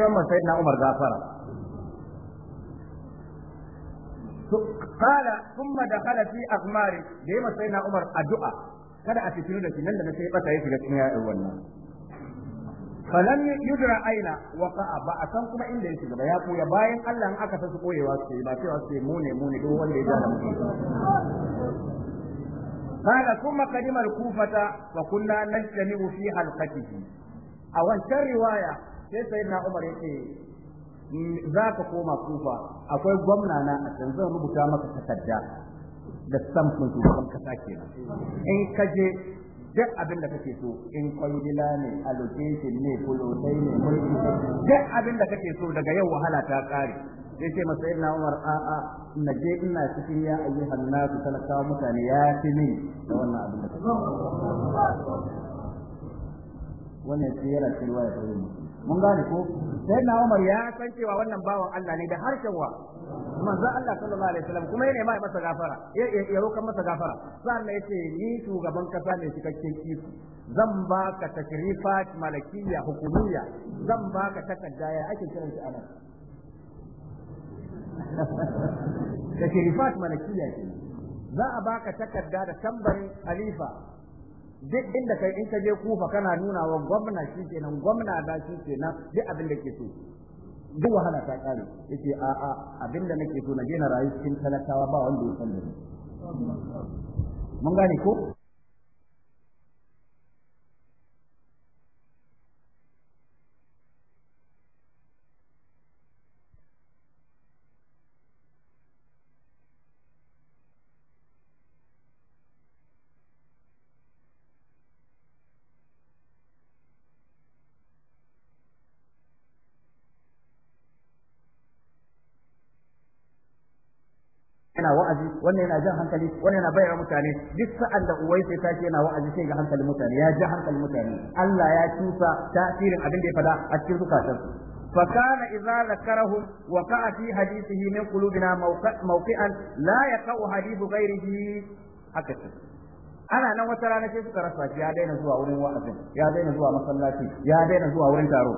Umar gafara قال ثم دخل في أغمار ديما سيدنا عمر الدعاء kada a fitinu da shi nan da na sai bata ya shiga cikin ya'in wannan falan yudra aina waqa'a ba a san kuma inda ya shiga ba ya koya bayan Allah in aka san su koyewa su ba cewa su mu ne mu ne duk wanda ya da jara mu قال ثم قدم الكوفة وكنا نجتمع في حلقته أو رواية sai sai na umar yake za ka koma kufa akwai gwamna na a can zan rubuta maka takarda da samfin shugaban kasa kenan in ka je duk abin da kake so in kwangila ne allocation ne kulotai ne mulki duk abin da kake so daga yau wahala ta kare sai ce masa ina umar a'a na je ina cikin ya ayyuhan nasu talakawa mutane ya fi min da wannan abin da kake so wannan sai yana cewa ya mutum mun gane ko sai na Umar ya san cewa wannan bawan Allah ne da harshen wa manzo Allah sallallahu alaihi wasallam kuma yana mai masa gafara ya roƙa masa gafara sannan yace ni shugaban kasa ne cikakken kifi zan baka takrifat malakiyya hukumiyya zan baka takadda ya ake kiran shi anan takrifat malakiyya za a baka takadda da tambarin khalifa duk inda kai in ka je kufa kana nuna wa gwamna shi kenan gwamna da shi kenan duk abin da ke so duk wahala ta kare yace a a abin da nake so na je na rayu cikin talakawa ba wanda ya san da mun gane ko wannan yana jan hankali wannan yana bayyana mutane duk sa'an da uwai sai tashi yana wa'azi sai ga hankalin mutane ya ji hankalin mutane Allah ya cusa tasirin abin da ya fada a cikin zukatansu فكان إذا ذكرهم hadisi, في حديثه من قلوبنا موقعا لا يقع حديث غيره هكذا ana nan wata rana sai suka rasa ya daina zuwa wurin wa'azin ya daina zuwa masallaci ya daina zuwa wurin taro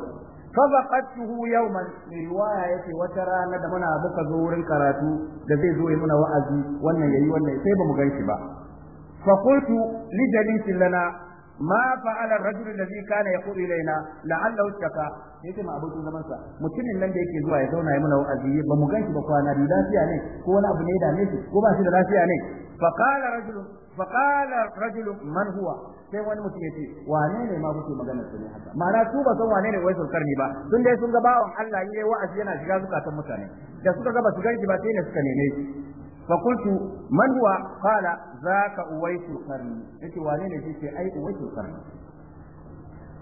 fabaqatuhu yau mai riwaya yace wata rana da muna muka zo wurin karatu da zai zo ya muna wa'azi wannan yayi wannan sai ba mu ganshi ba fa qultu li jalisin lana ma fa'ala ar-rajul alladhi kana yaqulu ilaina la'allahu ittaka yace ma abokin zaman sa mutumin nan da yake zuwa ya zauna ya muna wa'azi ba mu ganshi ba kwana biyu lafiya ne ko wani abu ne ya dame shi ko ba shi da lafiya ne fa qala rajul fa qala rajul man huwa sai wani mutum ya ce wane ne ma kuke magana su ne haka ma'ana su ba san wane ne wai sulkar ba tun dai sun ga bawan Allah yayi wa'azi yana shiga zukatan mutane da suka ga ba su ganshi ba sai ne suka neme shi فقلت من هو قال ذاك أويس القرن ne وانين جيت أي أويس القرن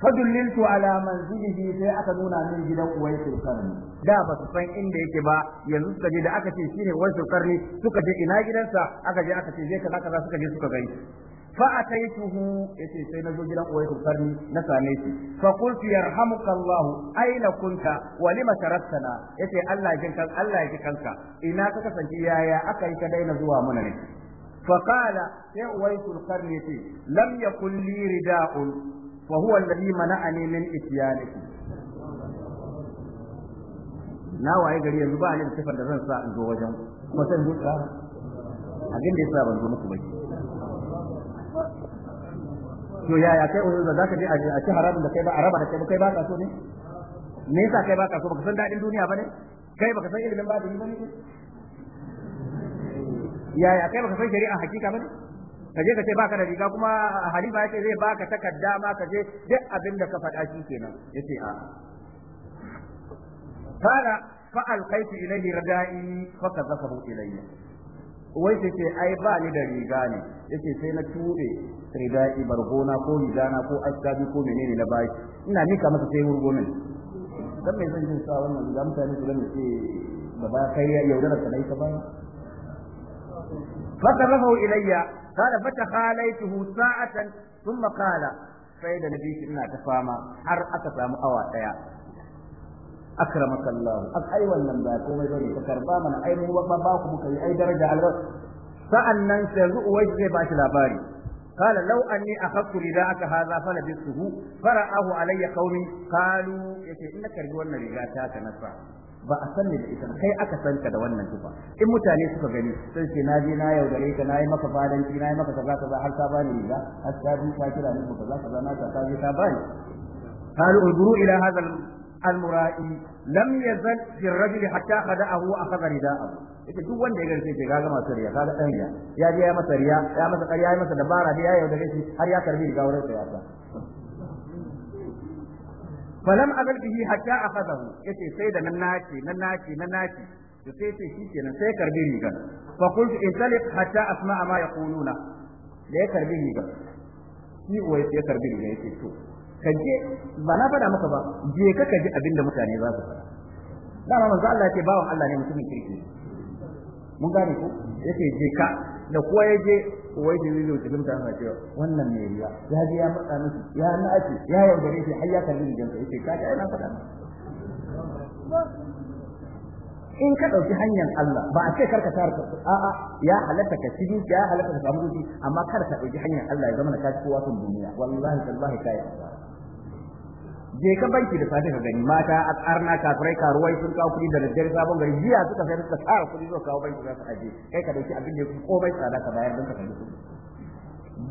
فدللت على منزله sai aka nuna min gidan Uwaisul Karni da ba su san inda yake ba yanzu suka je da aka ce shine Uwaisul Karni suka je ina gidansa aka je aka ce zai kaza kaza suka je suka gani fa ataituhu yace sai nazo gidan uwaitul karni na sanai shi fa qultu yarhamuka Allah aina kunta wa lima taraktana yace Allah ya kan Allah ya kanka ina ka kasance yaya aka yi ka daina zuwa mana ne fa qala sai uwaitul karni yace lam yakul li rida'un fa huwa alladhi mana'ani min ityanikum na waye gari ba ni da sifar da zan sa in zo wajen kuma sai zuka abin da yasa ban zo muku ba to yaya kai za zaka je a ci haramun da kai ba a raba da kai ba kai ba ka so ne me yasa kai ba ka so baka san dadin duniya ba ne? kai baka san ilimin ba ne? yaya kai baka san shari'a hakika ba ka je ka ce baka da riga kuma halifa yace zai baka takarda ma ka je duk abin da ka faɗa shi kenan yace a fara fa alqaitu ilayhi radai fa kazafahu ilayya wai ce ai ba ni da riga ne yace sai na tube rida'i bargona ko rigana ko askabi ko menene na baki ina mika masa sai wurgonin dan mai zan jin sa wannan da mutane su gane ce da ba kai ya yaudara ka dai ka ba fatarahu ilayya قال فتخاليته ساعة sun قال sai da na shi ina ta fama har aka samu awa daya akramakallahu Allah ak ai wannan ba komai bane ka karba mana ai mu ba ba ku muka yi ai daraja Allah sa'annan yanzu uwai zai ba shi labari kala قال لو أني أخذت رداءك هذا فلبسته فرآه علي قومي قالوا يتي إنك رجوان ta نفع ba a san da ita kai aka san ka da wannan tufa in mutane suka gani sai ce na je na yaudare ka na yi maka fadanci na yi maka kaza kaza har ka bani riga har ka bi ka kira ni kaza kaza na ta ka je ka bani qalu udru ila hadha المرائي لم يزل في الرجل حتى خدعه واخذ رداءه yake duk wanda ya garce ga ga masu riya kaga dan ya ya ji ya masa riya ya masa ƙarya ya masa dabara da ya da shi har ya karbi riga wurin sa ya sa falam azal bihi hatta akhadahu yace sai da nan naci nan naci nan naci to sai sai shi kenan sai karbi riga fa qult intaliq hatta asma'a ma yaquluna da ya karbi riga shi uwa ya karbi riga yace to ka je ba na faɗa maka ba je ka ka ji abinda mutane za su faɗa dama manzo Allah ce bawan Allah ne mutumin kirki mun gane ko yake je ka da kowa ya je wai je zai tafi mutane na cewa wannan ne riya ya ji ya matsa miki ya na na'aci ya yaudare shi har ya kalli rigan sa yake ka ga ina faɗa in ka ɗauki hanyar Allah ba a ce kar ka a a'a ya halatta ka ci ya halatta ka samu zuci amma karka ka ɗauki hanyar Allah ya zama na kaci kowa sun duniya wallahi tallahi kai je ka banki da safe ka gani mata a arna kafirai karuwai sun kawo kuɗi da daddare sabon gari jiya suka sai suka tsara kuɗi zuwa kawo banki za su aje kai ka dauki abin da ya komai tsada ka bayar don ka kalli kuɗi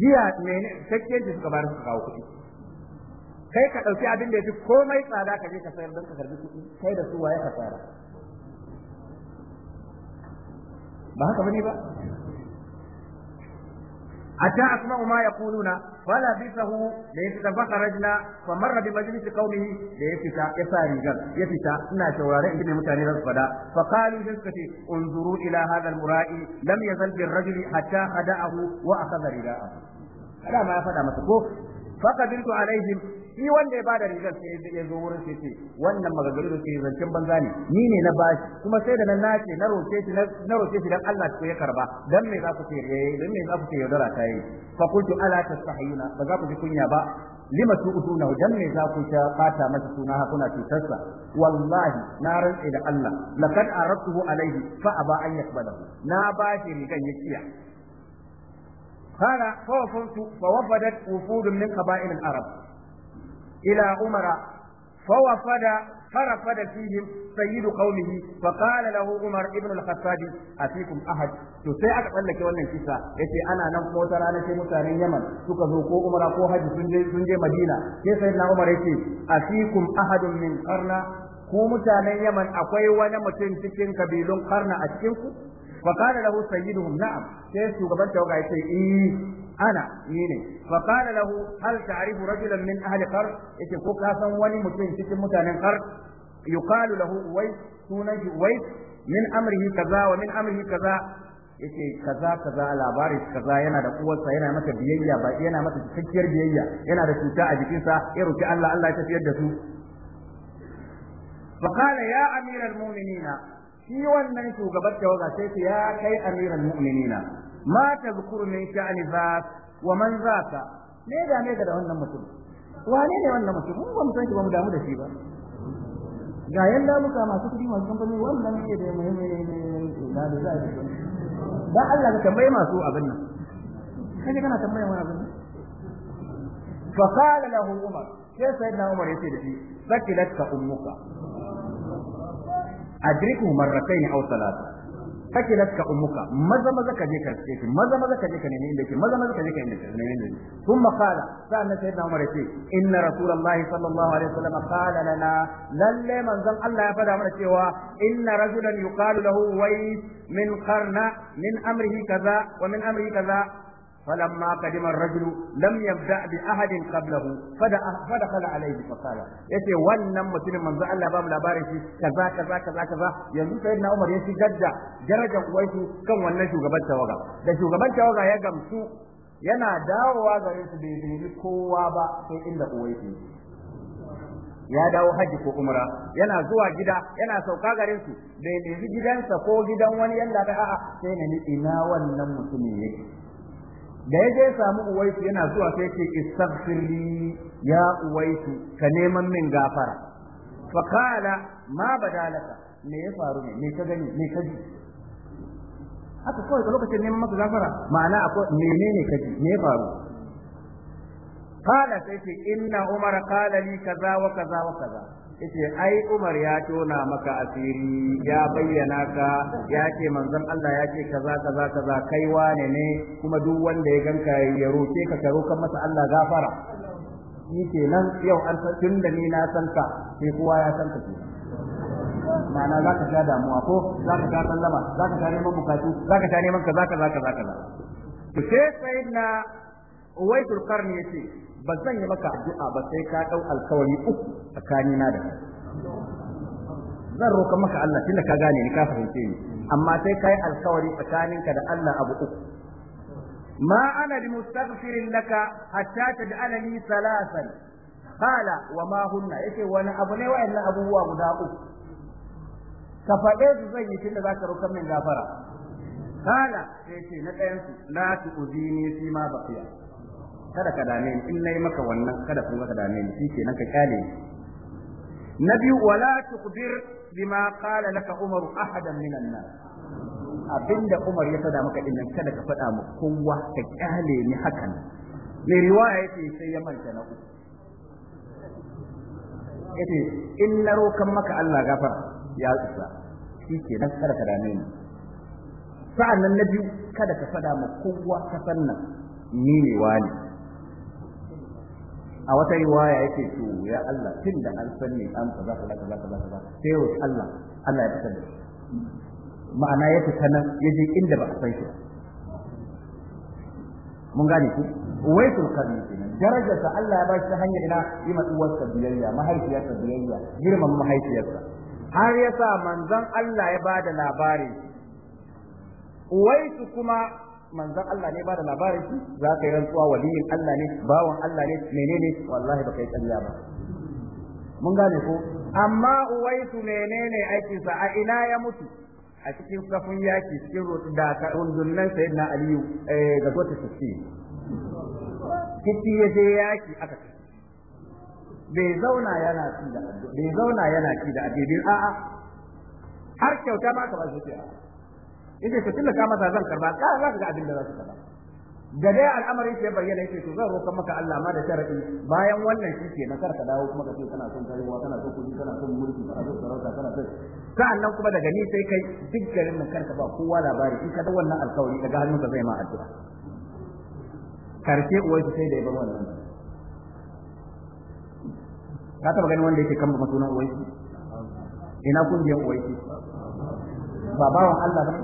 jiya ne, sakken ce suka bayar suka kawo kuɗi kai ka dauki abin da ya fi komai tsada ka je ka sayar don ka karbi kuɗi kai da su waye ka tsara ba haka bane ba hatta asma'u ma yaquluna fala bisahu da ya fita fakharajna fa marra bi majlisi qaumihi da ya fita ya sa rigar ya fita ina saurare inda mutane za su fada fa qalu zakati unzuru ila hadha mura'i murai lam yazal bir rajuli a hu wa akhadha rida'ahu dama ya fada masa ko فقدمت عليهم shi wanda ya ba da rigar sai ya zo wurin sai ce wannan magagari da sai zancen banza ne ni ne na bashi kuma sai da na nace na roke shi na roke shi dan Allah ko ya karba dan me za ku ce eh, dan me za ku ce yaudara ta yi fa kuntu ala tasahiyuna ba za ku ji kunya ba lima na dan me za ku ta bata masa suna hakuna cutarsa wallahi na rantsa da Allah laqad aradtuhu alaihi fa aba an yakbala na bashi rigan ya fa wafadat فوفدت min qaba'il al Arab. إلى عمر فوفد فرفد فيهم سيد قومه فقال له عمر ابن الخطاب أفيكم أحد to sai aka tsallake wannan kisa ce ana nan ko wata rana sai mutanen Yaman suka zo ko Umara ko Hajji sun je sun je Madina sai sayyidina Umar yace afikum ahadun min qarna ko mutanen Yaman akwai wani mutum cikin kabilun karna a cikinku? ku fa kana lahu sayyiduhum na'am sai shugaban tawaga yace eh ana ni ne fa qala lahu hal ta'rifu rajulan min ahli qar yace ko ka san wani mutum cikin mutanen qar yuqalu lahu wai sunan shi wai min amrihi kaza wa min amrihi kaza yace kaza kaza labarin kaza yana da uwarsa yana mata biyayya ba yana mata cikakkiyar biyayya yana da cuta a jikinsa ya roki Allah Allah ya tafiyar da su fa qala ya amiral mu'minina shi wannan shugaban tawaga sai ya kai amirar mu'minina ma tazkuru min sha'ni zat wa man zaka me da me da wannan mutum wane ne wannan mutum mun ba mu san shi ba mu damu da shi ba ga yan damuka masu kudi masu kamfani wannan ne da muhimmi da da za a yi dan Allah ka tambaye masu abin nan kaje kana tambaye wani abin nan fa qala lahu umar sai sayyidina umar yace da shi sakilatka ummuka adriku marratayn aw thalatha fakilat ka ummuka maza maza ka je ka ce maza maza ka je ka nemi inda ke maza maza ka je ka inda ke nemi inda kuma qala sa'an sai na umar ce inna rasulullahi sallallahu alaihi wasallam qala lana lalle manzon Allah ya fada mana cewa inna rajulan yuqalu lahu wais min qarna min amrihi kaza wa min amrihi kaza فلما قدم الرجل لم يبدا باحد قبله فدخل عليه فقال ce wannan mutumin manzo Allah ba mu labarin shi kaza kaza kaza kaza yanzu sayyidina Umar ya shigar da darajar Uwaifi kan wannan shugaban tawaga da shugaban tawaga ya gamsu yana dawowa gare su bai nemi kowa ba sai inda uwaisu ya dawo haji ko umra yana zuwa gida yana sauka gare su bai nemi gidansa ko gidan wani yalla ba a'a sai nemi ina wannan mutumin yake da ya je samu uwaisu yana zuwa sai ce istaghfirli ya uwaisu ka neman min gafara fa qala ma badalaka me ya faru ne me ka gani me ka ji haka kawai ka lokacin neman masa gafara ma'ana akwai menene ka ji me ya faru qala sai ce inna umar qala li kaza wa kaza wa kaza yace ai Umar ya tona maka asiri ya bayyana ka ya ce manzon Allah ya ce kaza kaza kaza kai wane ne kuma duk wanda ya ganka ya roke ka ka kan masa Allah gafara shi kenan yau an san tun da ni na san ka sai kowa ya san ka ma'ana za ka sha damuwa ko za ka sha sallama za ka sha neman bukatu za ka sha neman kaza kaza kaza kaza to sai sayyidina Uwaitul Qarni yace ba zan yi maka addu'a ba sai ka ɗau alkawari uku tsakanina da zan roƙa maka Allah tunda ka gane ni ka fahimce ni amma sai ka yi alkawari tsakaninka da Allah abu uku ma ana bi mustaghfirin laka hatta li salasan qala wa ma hunna yace wani abu ne wa'annan abubuwa guda uku ka faɗe su zan yi tunda zaka roƙa min gafara qala sai ce na ɗayan su la tu'zini fi ma baqiya kada ka dame ni in nayi maka wannan kada kuma ka dame ni nan ka kyale na biyu wala tuqdir bima qala laka umar ahadan minan nas abinda umar ya faɗa maka dinnan kada ka faɗa mu kowa ka kyale ni hakan mai riwaya yace sai ya manta na uku yace in na rokan maka Allah gafar ya isa nan kada ka dame ni sa'annan na biyu kada ka faɗa ma kowa ka sannan ni ne wani a wata riwaya yake to ya Allah tun da an san ne an kaza kaza kaza kaza kaza sai yau Allah Allah ya fitar da shi ma'ana ya fita nan ya je inda ba a san shi mun gane ku wai sul karni kenan darajar sa Allah ya ba shi hanyar ina yi matuwar sa biyayya mahaifiyar sa biyayya girman mahaifiyarsa har ya sa manzon Allah ya bada labarin Uwaitu kuma manzan Allah ne ba da labarin shi za ka yi rantsuwa waliyin Allah ne bawan Allah ne menene wallahi baka yi kalliya ba mun gane ko amma uwaisu menene aikinsa a ina ya mutu a cikin kafin yaki cikin da ka rundunan sayyidina aliyu eh, ga gwata sassi kiti ya je yaki aka kashe bai zauna yana ci da bai zauna yana ci da a'a har kyauta ba ka ba zuciya yace ka tilla ka masa zan karba ka za ka ga abin da za ka karba da dai al'amari sai bayyana yake to zan roƙa maka Allah ma da sharadi bayan wannan shi ke na karka dawo kuma ka ce kana son wa kana son kuɗi kana son mulki kana son sarauta kana son sa'annan kuma daga ni sai kai duk garin nan karka ba kowa labari in ka da wannan alƙawari daga ka zai ma addu'a karshe uwar sai da ya wannan ka taɓa ganin wanda yake ba masunan uwai ina kungiyar uwai ba bawan Allah ba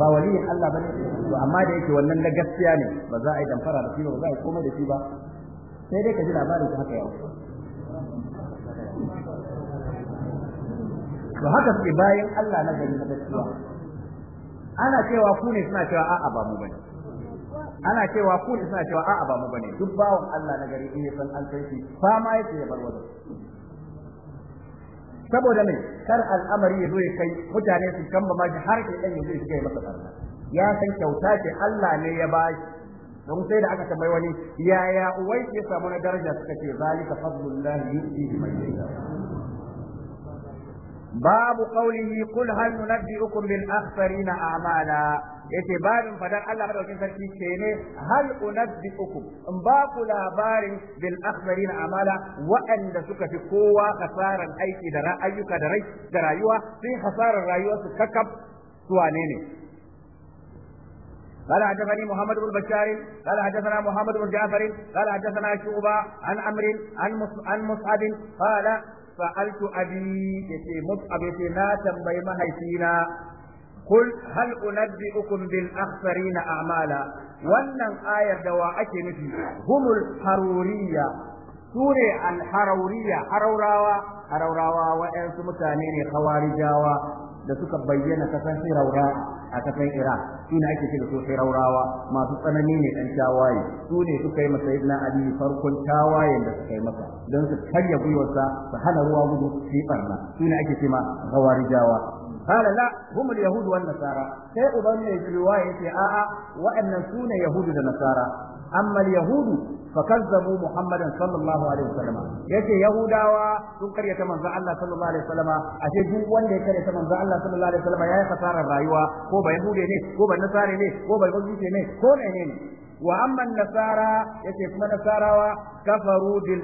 ba waliyin Allah bane to amma da yake wannan na gaskiya ne ba za a yi damfara da shi ba za a yi komai da shi ba sai dai ka ji labarin shi haka yau to haka suke bayan Allah na gari na gaskiya ana cewa ku ne suna cewa a'a ba mu bane ana cewa ku ne suna cewa a'a ba mu bane duk bawon Allah na gari in ya san an kai shi fama yake ya bar wajen saboda mai kar al'amari ya zo ya kai mutane su kamba ma har ke yanzu ya zo masa barna ya san kyauta ce Allah ne ya ba shi don sai da aka tambayi wani yaya uwai ke samu na daraja suka ce zalika fadlullahi yuti man yasha باب قوله قل هل ننبئكم بالاخسرين اعمالا yace barin fadar Allah madaukin sarki ke ne hal unabbiukum in ba ku labarin bil akhbarin amala waɗanda suka fi kowa kasaran aiki da ayyuka da rai da rayuwa sun kasaran rayuwa su kakab su wane ne قال حدثني محمد بن بشار قال حدثنا محمد بن جعفر قال حدثنا شعبة عن عمرو عن مصعب قال sa'altu abi yace mus'ab yace na tambayi mahaifina kul hal ukun bil akhsarina a'mala wannan ayar da wa ake nufi humul haruriya sune al haruriya haraurawa haraurawa wa'ansu mutane ne khawarijawa da suka bayyana kasan Firaura a kasan Iraq su ne ake cewa su Firaurawa masu tsanani ne ɗan tawaye su ne suka yi masa Sayyidina Ali farkon tawayen da suka yi masa don su karya gwiwarsa su hana ruwa gudu su yi barna su ne ake cewa Gawarijawa قال لا هم اليهود والنصارى sai uban mai riwaya yace a'a wa'annan sune yahudu da nasara amma yahudu fakazzabu muhammadan sallallahu alaihi wasallam yace yahudawa sun karyata manzo Allah sallallahu alaihi wasallam ashe duk wanda ya karyata manzo Allah sallallahu alaihi wasallam yayi fasarar rayuwa ko ba yahude ne ko ba nasare ne ko ba gudu ne ko ne ne wa amma nasara yace kuma nasarawa kafaru bil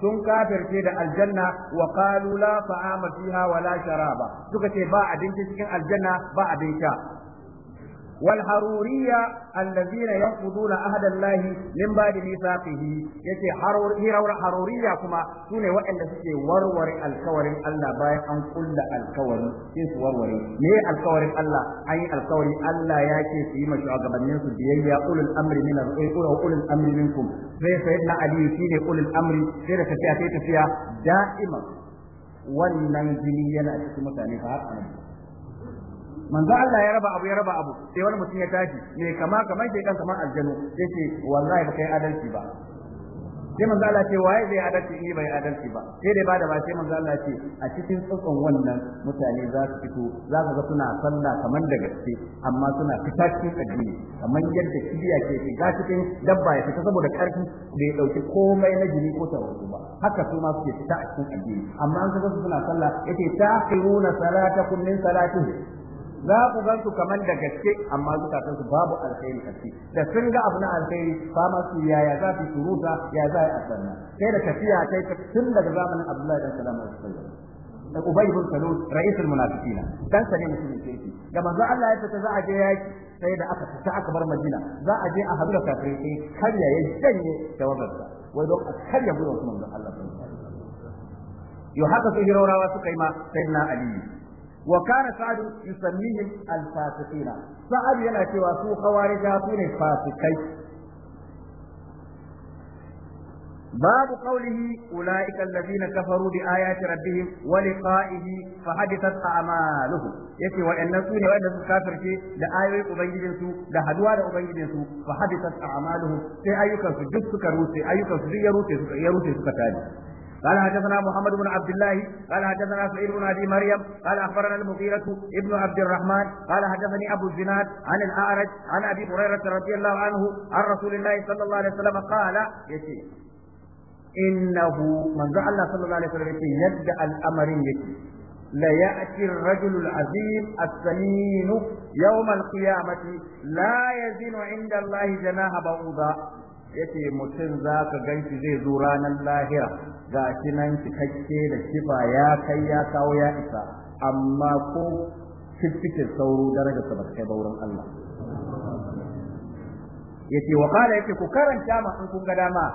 sun kafirce da aljanna wa qalu la ta'ama fiha wa la sharaba suka ce ba abinci cikin aljanna ba abin sha والحرورية الذين ينقضون عهد الله من بعد ميثاقه يتي حرور هي حرورية كما سنة وإن سكي ورور الكور الله باي أن كل الكور كيس ورور مي الكور الله أي الكور الله ياكي في مشروع قبل ينسو بيئي أولو الأمر من أولو الأمر منكم زي سيدنا علي سيدي أولو الأمر سيدة تفيا تفيا دائما wannan jini yana cikin mutane fa har annabi manzo Allah ya raba abu ya raba abu sai wani mutum ya tashi me kama kamar ke kan kamar aljanu yace wallahi ba kai adalci ba sai manzo Allah ce waye zai adalci ni bai adalci ba sai dai bada ba sai manzo Allah ce a cikin tsotson wannan mutane za su fito za su ga suna sallah kamar da gaske amma suna fita cikin addini kamar yadda kibiya ke shiga cikin dabba ya fita saboda karfi da ya dauki komai na jini ko tawazu ba haka su ma suke fita a cikin addini amma an ga suna sallah yake taqiruna salatakum min salatihi za ku gan su kamar da gaske amma zukatan su babu alkhairi a da sun ga abu na alkhairi ba ma su yaya za su suruta ya za a sanna sai da tafiya kai tun daga zamanin Abdullahi dan Salama da Ubay ibn Salul ra'isul munafiqin dan sane mutumin kirki da manzo Allah ya fita za a je yaki sai da aka fita aka bar Madina za a je a hadu da kafirai sai karya ya janye sa, wai don a karya gudun manzo Allah sallallahu alaihi wasallam yau haka su hirawa suka yi ma sayyidina Ali wa kana sa'adu yusammihim al-fasiqina sa'ad yana cewa su kawarija su ne fasikai babu kaulihi ulai na ladina rude aya ayati rabbihim wa liqa'ihi fa hadithat a'maluhu yake wa annas su ne wa annas kafirce da ayoyi ubangijin da haduwa da ubangijin su fa hadithat a'maluhu sai ayyukan duk suka rute ayyukan su duk ya rute su ya قال حدثنا محمد بن عبد الله قال حدثنا سعيد بن ابي مريم قال اخبرنا المغيرة ابن عبد الرحمن قال حدثني ابو الزناد عن الاعرج عن ابي هريرة رضي الله عنه عن رسول الله صلى الله عليه وسلم قال يشي انه من الله صلى الله عليه وسلم يبدا الامر يشي ليأتي الرجل العظيم السمين يوم القيامة لا يزن عند الله جناح بعوضة yace mutum za ka shi zai zo ranar lahira ga shi nan cikakke da kifa ya kai ya kawo ya isa amma ko cikin sauro daraja sa ba kai ba wurin Allah yace wa qala yace ku karanta ma in kun ga dama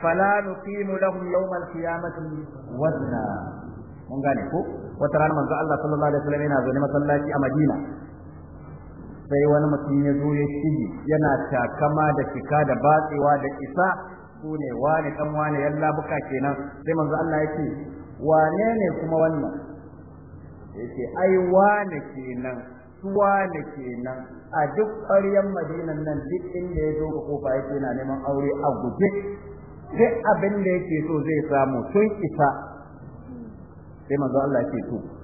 fala nuqimu lahum yawmal qiyamati wazna mun gane ko wata ranar manzo Allah sallallahu alaihi wasallam yana zaune masallaci a Madina sai wani mutum ya zo ya shige yana takama da cika da batsewa da isa ko ne wane dan wane yalla buka kenan sai manzo Allah ya ce wane ne kuma wannan yake ai wane kenan su wane kenan a duk ƙaryan madinan nan duk inda ya zo ga kofa yake yana neman aure a guje Sai abin da yake so zai samu sun isa sai manzo Allah ya to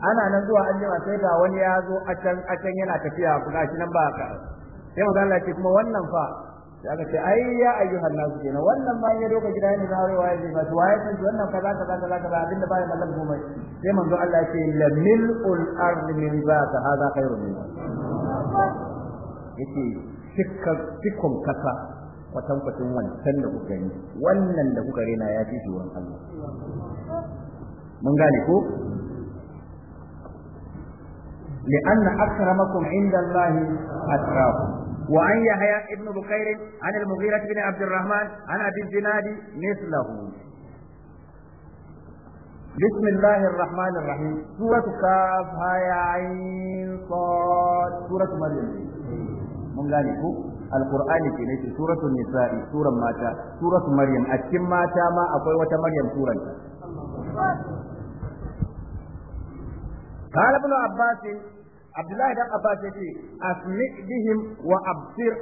ana nan zuwa aljima sai ga wani ya zo a can a can yana tafiya kuma shi nan ba ka sai manzo Allah ce kuma wannan fa sai aka ce ai ya ayyuhan nasu kenan wannan ma ya doka gida ne na aurewa ya ba to waye san wannan kaza kaza kaza kaza abin da baya mallan komai sai manzo Allah ya ce la mil'ul ard min zaka hada khairun min yake cikkar cikkon kasa kwatankwacin wancan da kuka gani wannan da kuka rena ya fi shi Allah mun gane ko لأن أكرمكم عند الله أتقاكم وعن يحيى ابن بكير عن المغيرة بن عبد الرحمن عن أبي الزناد مثله بسم الله الرحمن الرحيم سورة كاف هاي عين صاد سورة مريم من قال القرآن في نيتي سورة النساء سورة ماتا سورة مريم أكيم ماتا ما أقوي مريم سورة قال ابن عباس Abdullahi dan Abbas ce, asmi bihim wa absir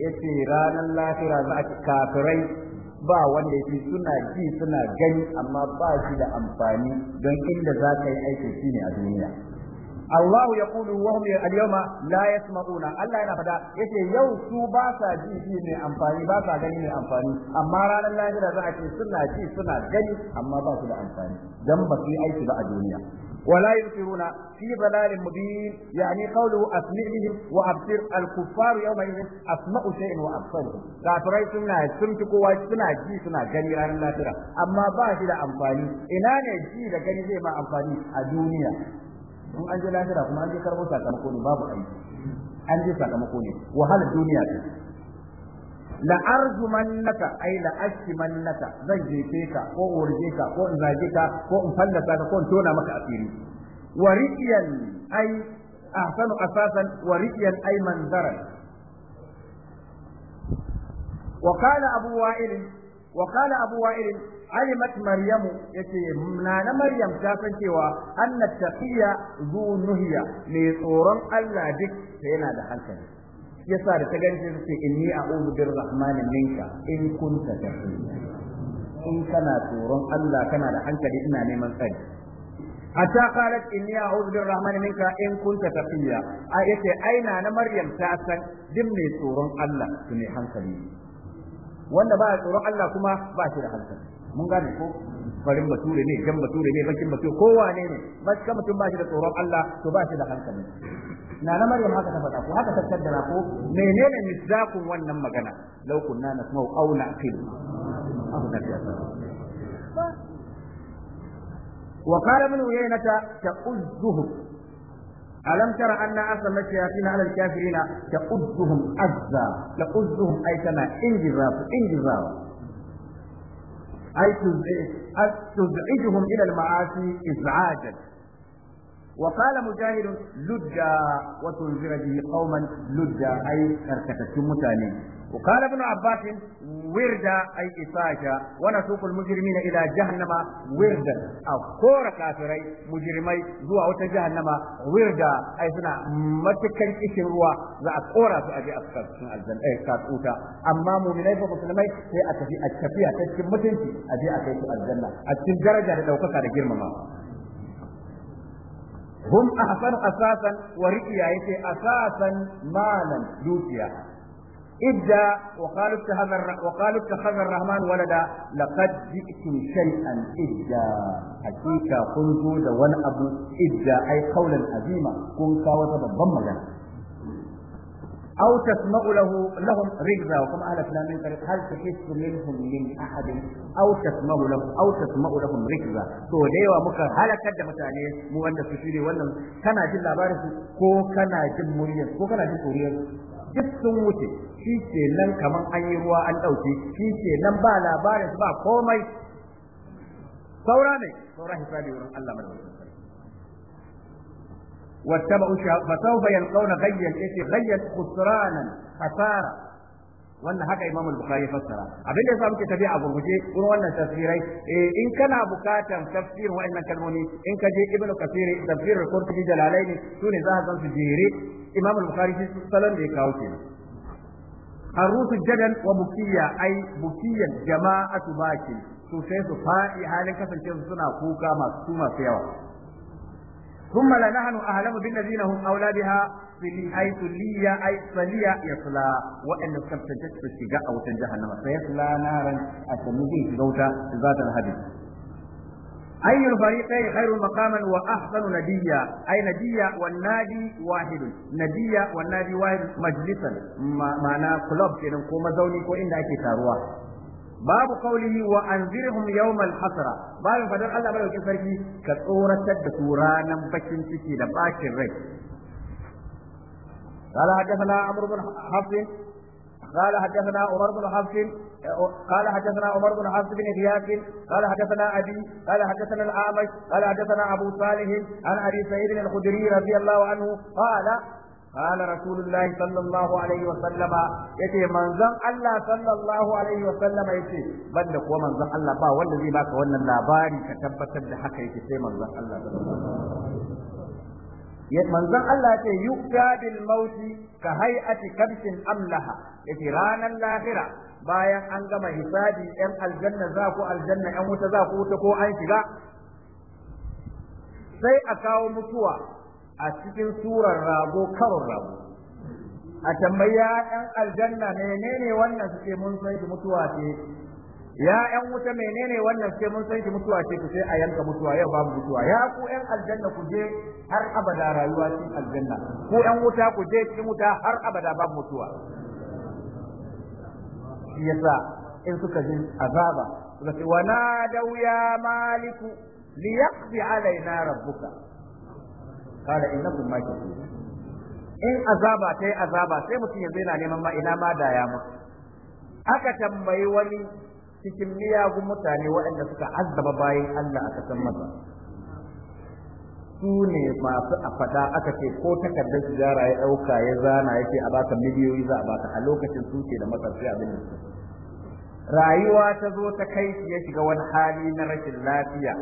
yace ranar lahira za a ci kafirai ba wanda yake suna ji suna gani amma ba shi da amfani don inda za ka yi aiki shine a duniya Allahu ya kudu wa hum al-yawma la yasma'una Allah yana fada yace yau su ba sa ji ji mai amfani ba sa gani mai amfani amma ranar lahira za a ce suna ji suna gani amma ba su da amfani dan ba su yi aiki ba a duniya ولا يبصرون في ضلال مبين يعني قوله أسمع بهم وأبصر الكفار يومئذ أسمع شيء وأبصره كافري سنة سمتكو سنة جي سنة جني ران الله ترى أما باش لا أمفاني إنا نجي لجني زي ما أمفاني الدنيا in an je lahira kuma an je karbo sakamako ne babu aiki an je sakamako ne wahalar duniya ce la'arjumannaka ai la'ashimannaka zan jefe ka ko urje ka ko in zage ka ko in fallasa ka ko in tona maka asiri wa riyan ai ahsanu asasan wa riyan ai manzara wa qala abu wa'il wa qala abu wa'il alimat maryamu yace nana maryam ta san cewa annat taqiya zu nuhiya mai tsoron Allah duk yana da hankali yasa da ta gani sai inni a'udhu birrahmani minka in kunta taqiya in kana tsoron Allah kana da hankali ina neman tsari hatta qalat inni a'udhu birrahmani minka in kunta taqiya a yace aina na maryam ta san din mai tsoron Allah su mai hankali wanda ba tsoron Allah kuma ba shi da hankali mun gane ko farin bature ne jan bature ne bakin bature kowa ne ne ba mutum ba shi da tsoron Allah to ba shi da hankali na na maryam haka ta faɗa ko haka ta kaddara ko menene misdaqun wannan magana law kunna nasma'u aw na'qil abu da ya wa qala min uyaynata ta'uzzuhu ألم تر أن أسلم الشياطين على الكافرين تؤذهم أذى تؤذهم أي كما انجذاب انجذاب أي تزعجهم إلى المعاصي إزعاجا وقال مجاهد لجا وتنذر به قوما لجا أي كركتة متاني وقال ابن عباس وردا أي إساجا ونسوق المجرمين إلى جهنم وردا أو كور كافري مجرمي زوا وتجهنم وردا أي سنة متكن إشن روا زا كورا سأجي أفكار سنة الجنة أي كات أوتا أما مؤمني ومسلمي هي أتفي أتفي أتفي متنتي أجي أتفي الجنة أتفي درجة لو كتار جرمما hum ahsanu asasan wa riqiya yace asasan malan dukiya idda wa wa qalu takhadha rahman walada laqad ji'tum shay'an idda hakika kun zo da wani abu idda ai qawlan azima kun kawo ta babban magana أو تسمع له لهم رجزا وكم أهل فلان من طريق هل تحس منهم من أحد أو تسمع له أو تسمع لهم رجزا تو ديوا مكا هل كد متعني مو أن تشيري ولا كنا جل بارس كو كنا جل مريض كو كنا جل مريض duk سموت wuce shi كمان أي kamar an yi ruwa an ɗauke shi ke nan ba labarin ba komai saura ne saura واتبعوا فسوف يلقون غيا غيا خسرانا خساره wannan haka Imam Bukhari ya fassara abin da yasa muke tafiya a gurguje kuma wannan tafsirai in kana bukatan tafsir wa'annan kalmomi in ka je Ibn Kathir tafsir Qurtubi Jalalaini sune za ka san su jere Imam Bukhari shi salon da ya kawo bukiya الروس bukiyan jama'a أي بكية su باكي su فائي halin كفن suna kuka masu masu yawa. ثم لنحن أعلم بالذين هم أولى بها أي سلية أي سلية يصلى وإن استمتجت في الشجاء أو جهنم فيصلى نارا أسميه زوجة ذات الهدي أي الفريقين خير مقاما وأحسن نديا أي نديا والنادي واحد نديا والنادي واحد مجلسا معنى كلوب كده كو مزوني كو إن أكي تاروا babu qawlihi wa anzirhum yawm al-hasra bayan fadar Allah bai yauke sarki ka tsoratar da su ranan bakin ciki da bakin rai قال حدثنا عمرو بن حفص قال حدثنا عمر بن حفص قال حدثنا عمر بن حفص بن غياث قال حدثنا ابي قال حدثنا الاعمش قال حدثنا ابو صالح عن ابي سعيد الخدري رضي الله عنه قال قال رسول الله صلى الله عليه وسلم يتي منزل الله صلى الله عليه وسلم يتي بند كو منزل الله با wanda zai baka wannan labari ka tabbatar da haka yake sai manzon Allah ya manzon Allah ce yuqta bil mauti ka hay'ati kamsin amlaha yace ranar lahira bayan an gama hisabi yan aljanna za ku aljanna yan wuta za ku wuta ko an shiga sai a kawo mutuwa a cikin surar rago karon rago a tambayi ya'yan aljanna menene wannan suke mun san shi mutuwa ce ya'yan wuta menene wannan suke mun san shi mutuwa ce ku sai a yanka mutuwa yau babu mutuwa ya ku yan aljanna ku je har abada rayuwa cikin aljanna ku yan wuta ku je cikin wuta har abada babu mutuwa shi yasa in suka ji azaba suka ce wa na ya maliku liyaqdi alaina rabbuka qala innakum makithun in azaba tai azaba sai mutum yanzu yana neman ma ina ma da ya mutu aka tambayi wani cikin miyagun mutane waɗanda suka azzaba bayan Allah a kasan masa su ne masu a fada aka ce ko takardar sigara ya ɗauka ya zana ya ce a baka miliyoyi za a baka a lokacin su ce da matsarci abin rayuwa ta zo ta kai shi ya shiga wani hali na rashin lafiya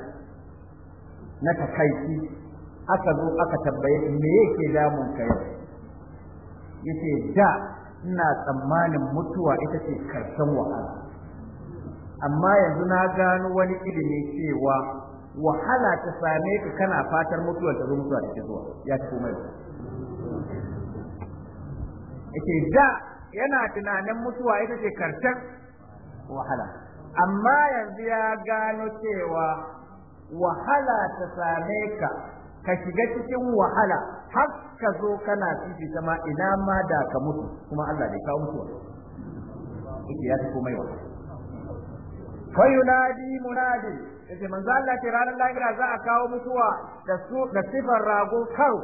na takaici aka zo aka tambaye me yake damun ka yau yace da ina tsammanin mutuwa ita ce karshen wahala amma yanzu na gano wani ilimi cewa wahala ta same ka kana fatar mutuwar ta zo mutuwa ta zuwa ya ci komai yace da yana tunanin mutuwa ita ce karshen wahala amma yanzu ya gano cewa wahala ta same ka ka shiga cikin wahala har ka zo kana fifita sama ina ma da ka mutu kuma Allah bai kawo mutuwa yake ya fi komai wa fa yunadi munadi yace manzo Allah ce ranar lahira za a kawo mutuwa da su da sifar rago karo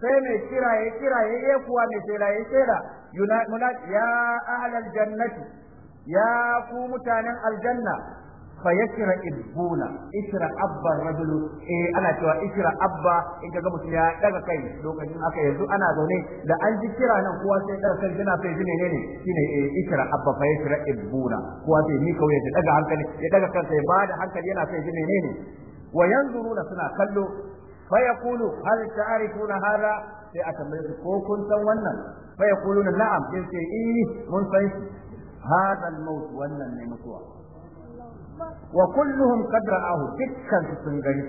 sai mai kira ya kira ya yi kuwa mai shela ya yunadi munadi ya ahlal jannati ya ku mutanen aljanna fa yakra ibuna ikra abba rajulu eh ana cewa ikra abba in kaga mutum ya daga kai lokacin haka yanzu ana zaune da an ji kira nan kowa sai daga kai yana sai ji menene shine ikra abba fa yakra ibuna kowa sai ni kawai ya daga hankali ya daga kansa ya bada hankali yana sai ji menene wa yanzuruna suna kallo fa yaqulu hal ta'rifuna hada sai a tambaye su ko kun san wannan fa yaquluna na'am sai sai mun san shi hadal maut wannan ne mutuwa wa kulluhum qad ra'ahu dukkan sun gani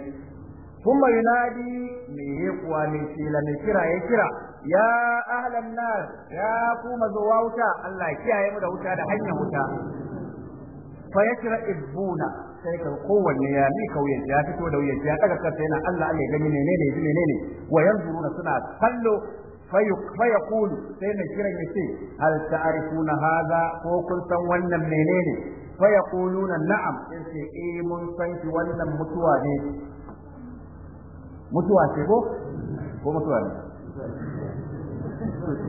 kuma yunadi me ne kuwa ne la ne kira ya kira ya ahlan nar ya kuma zuwa wuta Allah kiyaye mu da wuta da hanyar wuta fa yakra ibuna sai ka kowanne ya mi kauyen ya fito da wuyan ya daga kansa yana Allah Allah ya gani menene ne menene wa yanzuruna suna kallo fayaqulu sai na kiran yace hal ta'rifuna hadha ko kun san wannan menene fa yaquluna na'am sai eh mun san ki wannan mutuwa ne mutuwa ce ko ko mutuwa ne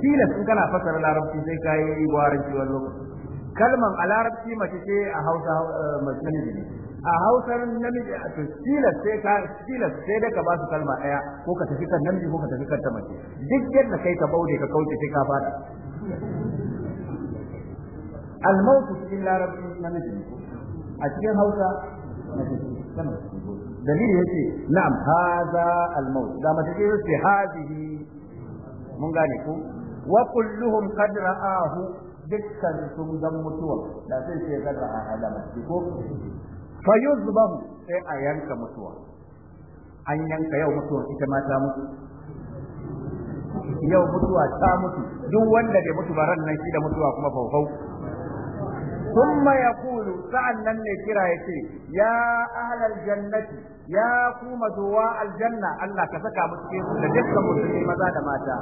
tilas in kana fasara larabci sai ka yi gwaranci wani lokaci kalman a larabci mace ce a hausa namiji ne a hausar namiji a to tilas sai ka tilas sai dai ka ba su kalma daya ko ka tafi kan namiji ko ka tafi kan ta mace duk yadda kai ka baude ka kauce sai ka fada al-mautu cikin larabci namiji a cikin hausa dalili yace na'am hadha al-maut da mace ce yace hadhihi mun gane ko wa kulluhum qad dukkan sun ga mutuwa da sai ce qad ra'a alama ko fa yuzbahu sai a yanka mutuwa an yanka yau mutuwa ita ma ta mutu yau mutuwa ta mutu duk wanda bai mutu ba ran nan da mutuwa kuma faufau thumma sa'an nan ne kira yace ya ahlal jannati ya ku zowa aljanna Allah ta saka mu cikin da dukkan musulmi maza da mata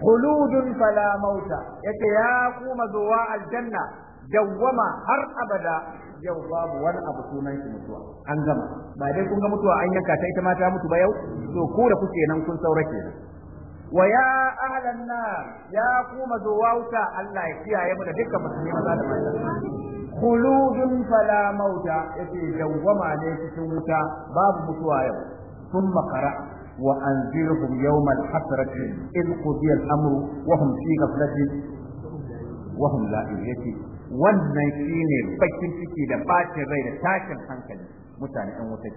khuludun fala mauta yace ya ku zowa aljanna dawwama har abada yau babu wani abu sunan mutuwa an gama ba dai kun ga mutuwa an yanka ta ita mata mutu ba yau to ku da kuke nan kun saurake Waya alal na ya koma Zawawar ta? Allah ya kiyaye mu da dukkan mu sun yi maza da magana. Kulubin ta mauta, ya fi ne su wuta, babu mutuwa yau. Tun makara, wa an zirhun yauman hasarar jirgin ilmubiyar Amur, wahum shi ka filaɗi, wahum za'a iya shi. Wannan shine bakin ciki da bakin rai da tashin hankali, mutane ɗan wata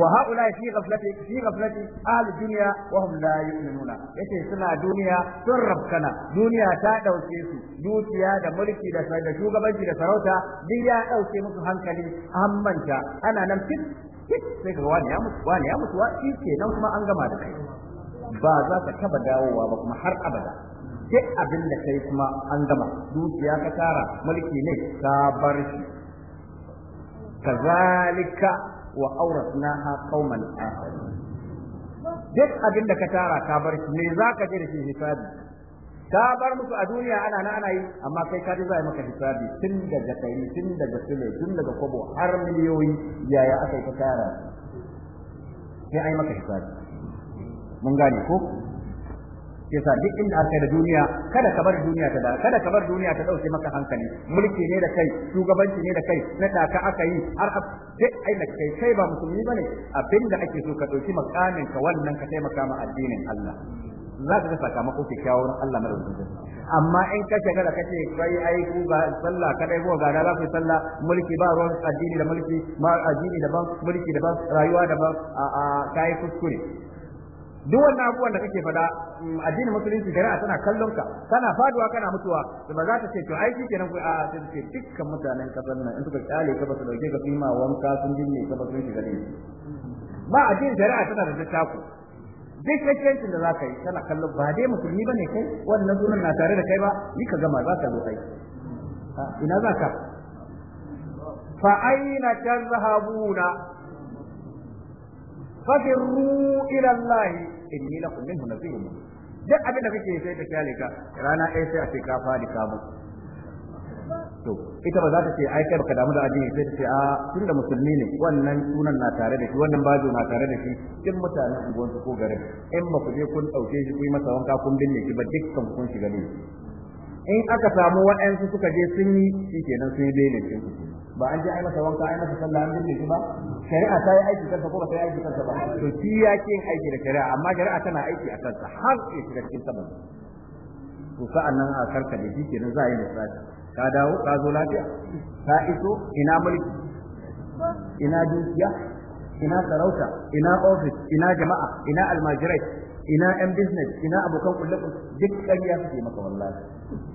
وهؤلاء في غفلة في غفلة أهل الدنيا وهم لا يؤمنون yace suna duniya sun rafkana duniya ta ɗauke su dukiya da mulki da da shugabanci da sarauta duk ya ɗauke musu hankali an manta ana nan fit fit sai ga wani ya mutu wani ya mutu shi kenan kuma an gama da kai ba za ka taba dawowa ba kuma har abada duk abin kai kuma an gama dukiya ka tara mulki ne ka bar shi kazalika wa awrasnaha qauman akhar duk abin da ka tara ka bar shi me zaka ji da shi hisabi ka bar musu a duniya ana na ana yi amma kai ka za a maka hisabi tun daga kai tun daga sule tun daga kobo har miliyoyi yaya aka yi ka tara sai ai maka hisabi mun gane ko yasa duk inda aka da duniya kada ka bar duniya ta da kada ka bar duniya ta dauke maka hankali mulki ne da kai shugabanci ne da kai na taka aka yi har duk aina kai kai ba musulmi bane abinda ake so ka dauki makamin ka wannan ka taimaka ma addinin Allah za ka ga sakamako kyakkyawar Allah madaukakin amma in ka shiga da kace kai ai ku ba sallah kadai ko ga za ku sallah mulki ba ruwan addini da mulki ma addini ban, mulki da ban, rayuwa ban, a kai kuskure duk wannan abubuwan da kake fada mm, addinin musulunci shari'a tana kallon ka kana faduwa kana mutuwa da ba za ta ce to ai nan ku a sai ce dukkan mutanen kasar nan in suka kyale ka ba su dauke ka fima wanka sun binne ka ba su shiga ne ba addinin shari'a tana da ku duk kakkancin da za ka yi tana kallon ba dai musulmi ba ne kai wannan sunan na tare da kai ba ni ka gama za ka zo ai ina za ka fa aina tazhabuna fafirru ila Allah inni lakum minhu nadhirun duk abin da kake sai ta kyale ka rana ɗaya sai a ce ka fadi ka mu to ita ba za ta ce ai kai baka damu da addini sai ta ce a tunda musulmi ne wannan sunan na tare da shi wannan bajo na tare da shi duk mutanen unguwan su ko garin in ba ku je kun dauke shi yi masa wanka kun binne shi ba dukkan ku kun shiga ne in aka samu waɗansu suka je sun yi kenan sun yi daidai ba an je ai masa wanka ai masa sallah an binne shi ba shari'a ta yi aiki kansa ko ba ta yi aiki kansa ba to shi ya ke yin aiki da shari'a amma shari'a tana aiki a kansa har ya shiga cikin sama to sa'an nan a karka da shi kenan za a yi lissafi ka dawo ka zo lafiya ka iso ina mulki ina dukiya ina sarauta ina ofis ina jama'a ina almajirai ina yan business ina abokan kullum duk ƙarya suke maka wallahi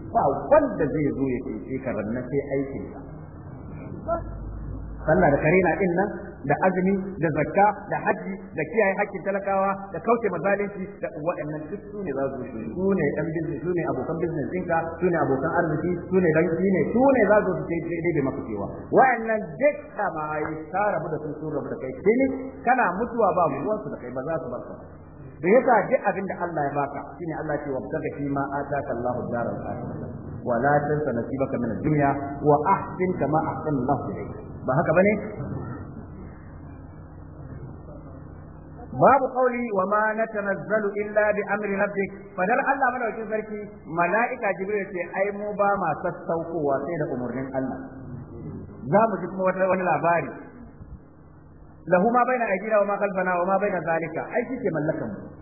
ba wanda zai zo ya ce karanna sai aikinsa sallah da karina din nan da azumi da zakka da haji da kiyaye hakkin talakawa da kauce mazalinci da waɗannan duk su ne za su su su ne ɗan biznes su ne abokan biznes tsinka, su ne abokan arziki su ne dan su ne su ne za su su daidai maka cewa waɗannan duk ma yi ta rabu da sun sun rabu da kai kini kana mutuwa ba mu ruwansu da kai ba za su bar ka da yasa duk abin da Allah ya baka shine Allah ya ce wa baka fi ma ataka Allahu daral akhirah ولا تنس نصيبك من الدنيا وأحسن كما أحسن الله إليك بهكا بني babu kauli wa ma natanazzalu illa bi amri rabbik fadar Allah madaukakin sarki mala'ika jibril ce ai mu ba ma sassaukowa sai da Allah za mu ji kuma wani labari lahu ma baina aidina wa ma khalfana wa baina zalika ai ke mallakan mu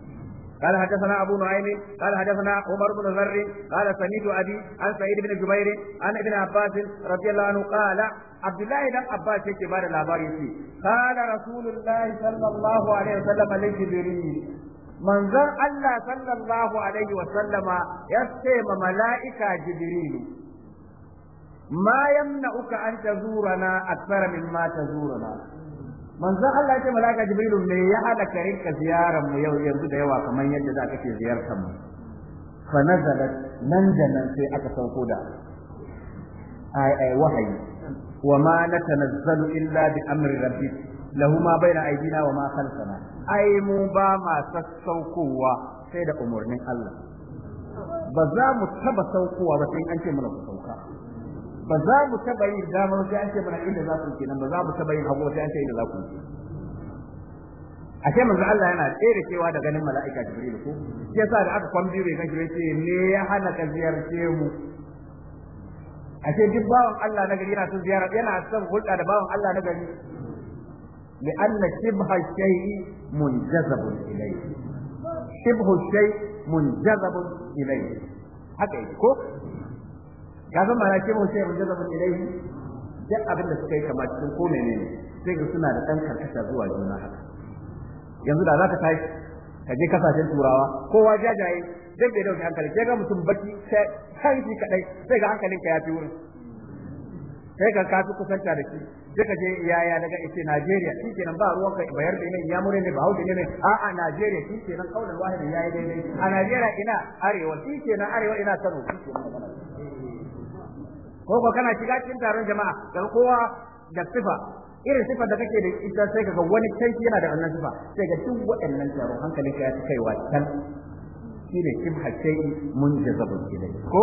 قال حدثنا أبو نعيم قال حدثنا عمر بن ذر قال سمعت أبي عن سعيد بن جبير عن ابن عباس رضي الله عنه قال عبد الله بن عباس yake bada labari yace qala rasulullahi sallallahu alaihi wasallam li jibril manzon Allah sallallahu alaihi wasallama yace ma malaika jibril ma yamna'uka an tazurana akthara mimma tazurana manzon Allah ya ce malaka jibrilu me ya hada ka rinka ziyarar mu yau yanzu da yawa kamar yadda za ka ke ziyartar mu fa nazalat nan da nan sai aka sauko da ai ai wahayi wa ma natanazzalu illa bi amri rabbik lahu ma baina aydina wa ma khalfana ai mu ba ma sassaukowa sai da umurnin Allah ba za mu taba saukowa ba sai an ce mana ku ba za mu taba yin dama sai an ce mana inda za ku kenan ba za mu taba yin hagu sai an ce inda za ku ce manzo Allah yana tsere cewa da ganin mala'ika Jibril ko shi yasa da aka kwambi bai ganshi ce ne ya hana ka ziyarce mu A ce duk bawan Allah na gari yana son ziyara yana son hulɗa da bawan Allah na gari لأن mun jazabun منجذب إليه شبه mun jazabun إليه haka yake ko ka san ma'ana ce mace mun jaza mun ilaihi duk abin da suka yi kama cikin ko ne, sai ga suna da ɗan karkata zuwa juna haka yanzu da za ka tashi ka je kasashen turawa kowa jajaye zai bai dauke hankali ke ga mutum baki sai shi kadai sai ga hankalinka ya fi wurin sai ka kafi kusanta da shi sai ka je yaya daga ita Najeriya shi kenan ba ruwan ka bayar da ne ya mure ne ba hauke ne a'a Najeriya shi kenan kaulan ya yayi daidai a Najeriya ina arewa shi kenan arewa ina sanu shi kenan ko ko kana shiga cikin taron jama'a ga kowa da sifa irin sifa da kake da ita sai kaga wani canji yana da wannan sifa sai ga duk waɗannan taron hankalin ka ya fi kaiwa can shine mun shay'i munjazabun gidai ko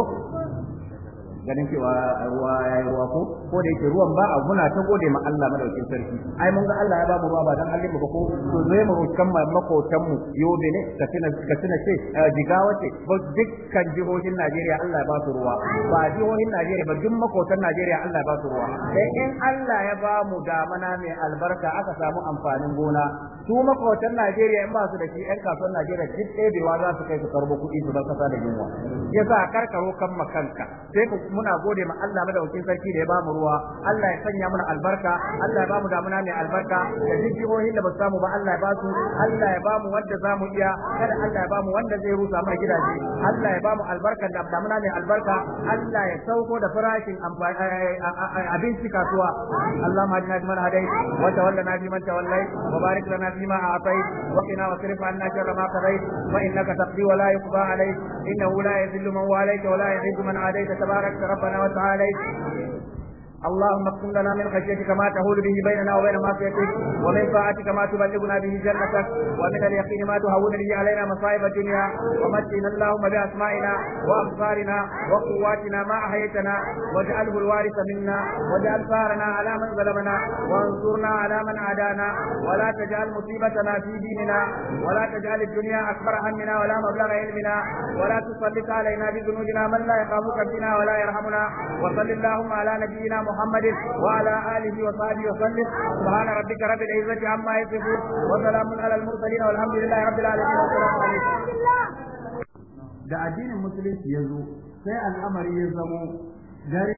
ganin cewa ruwa ya ruwa ko ko da yake ruwan ba a muna ta gode ma Allah madaukin sarki ai mun ga Allah ya ba mu ruwa ba dan halin ba ko to zai mu rokan makotan mu yobe ne ka tuna ka tuna ce eh, jigawa ce ba dukkan jihohin Najeriya Allah ya ba su ruwa ba jihohin Najeriya ba duk makotan Najeriya Allah ya ba su ruwa sai in Allah ya ba mu mana mai albarka aka samu amfanin gona su makotan Najeriya in ba su da shi ƴan kasuwar Najeriya duk ɗebewa za su kai su karbo kuɗi su don kasa da yunwa yasa karkaro kan makanka sai ku muna gode ma Allah madaukakin sarki da ya bamu ruwa Allah ya sanya mana albarka Allah ya bamu damuna mai albarka da jijiyoyin da ba su samu ba Allah ya basu Allah ya bamu wanda za mu iya kada Allah ya bamu wanda zai rusa mana gidaje Allah ya bamu albarkan da damuna mai albarka Allah ya sauko da farashin eh, eh, eh, abinci kasuwa Allah ma hadina man hadai wa tawallana bi man tawallai wa barik lana fi ma a'tai wa qina wa sirif anna sharra ma qadait fa innaka taqdi wa la yuqda alayk innahu la yadhillu man walayta wa la yu'izzu man adayta tabarakta ربنا وتعالى اللهم اقسم لنا من خشيتك ما تهول به بيننا وبين معصيتك ومن طاعتك ما تبلغنا به جنتك ومن اليقين ما تهون به علينا مصائب الدنيا ومتنا اللهم باسمائنا وابصارنا وقواتنا ما احييتنا واجعله الوارث منا واجعل ثارنا على من ظلمنا وانصرنا على من عادانا ولا تجعل مصيبتنا في ديننا ولا تجعل الدنيا اكبر همنا ولا مبلغ علمنا ولا تسلط علينا بذنوبنا من لا يخافك فينا ولا يرحمنا وصل اللهم على نبينا محمد وعلى آله وصحبه وسلم سبحان ربك رب العزة عما يصفون وسلام على المرسلين والحمد لله رب العالمين والسلام عليكم da addinin musulunci ya zo sai al'amari ya zamo gari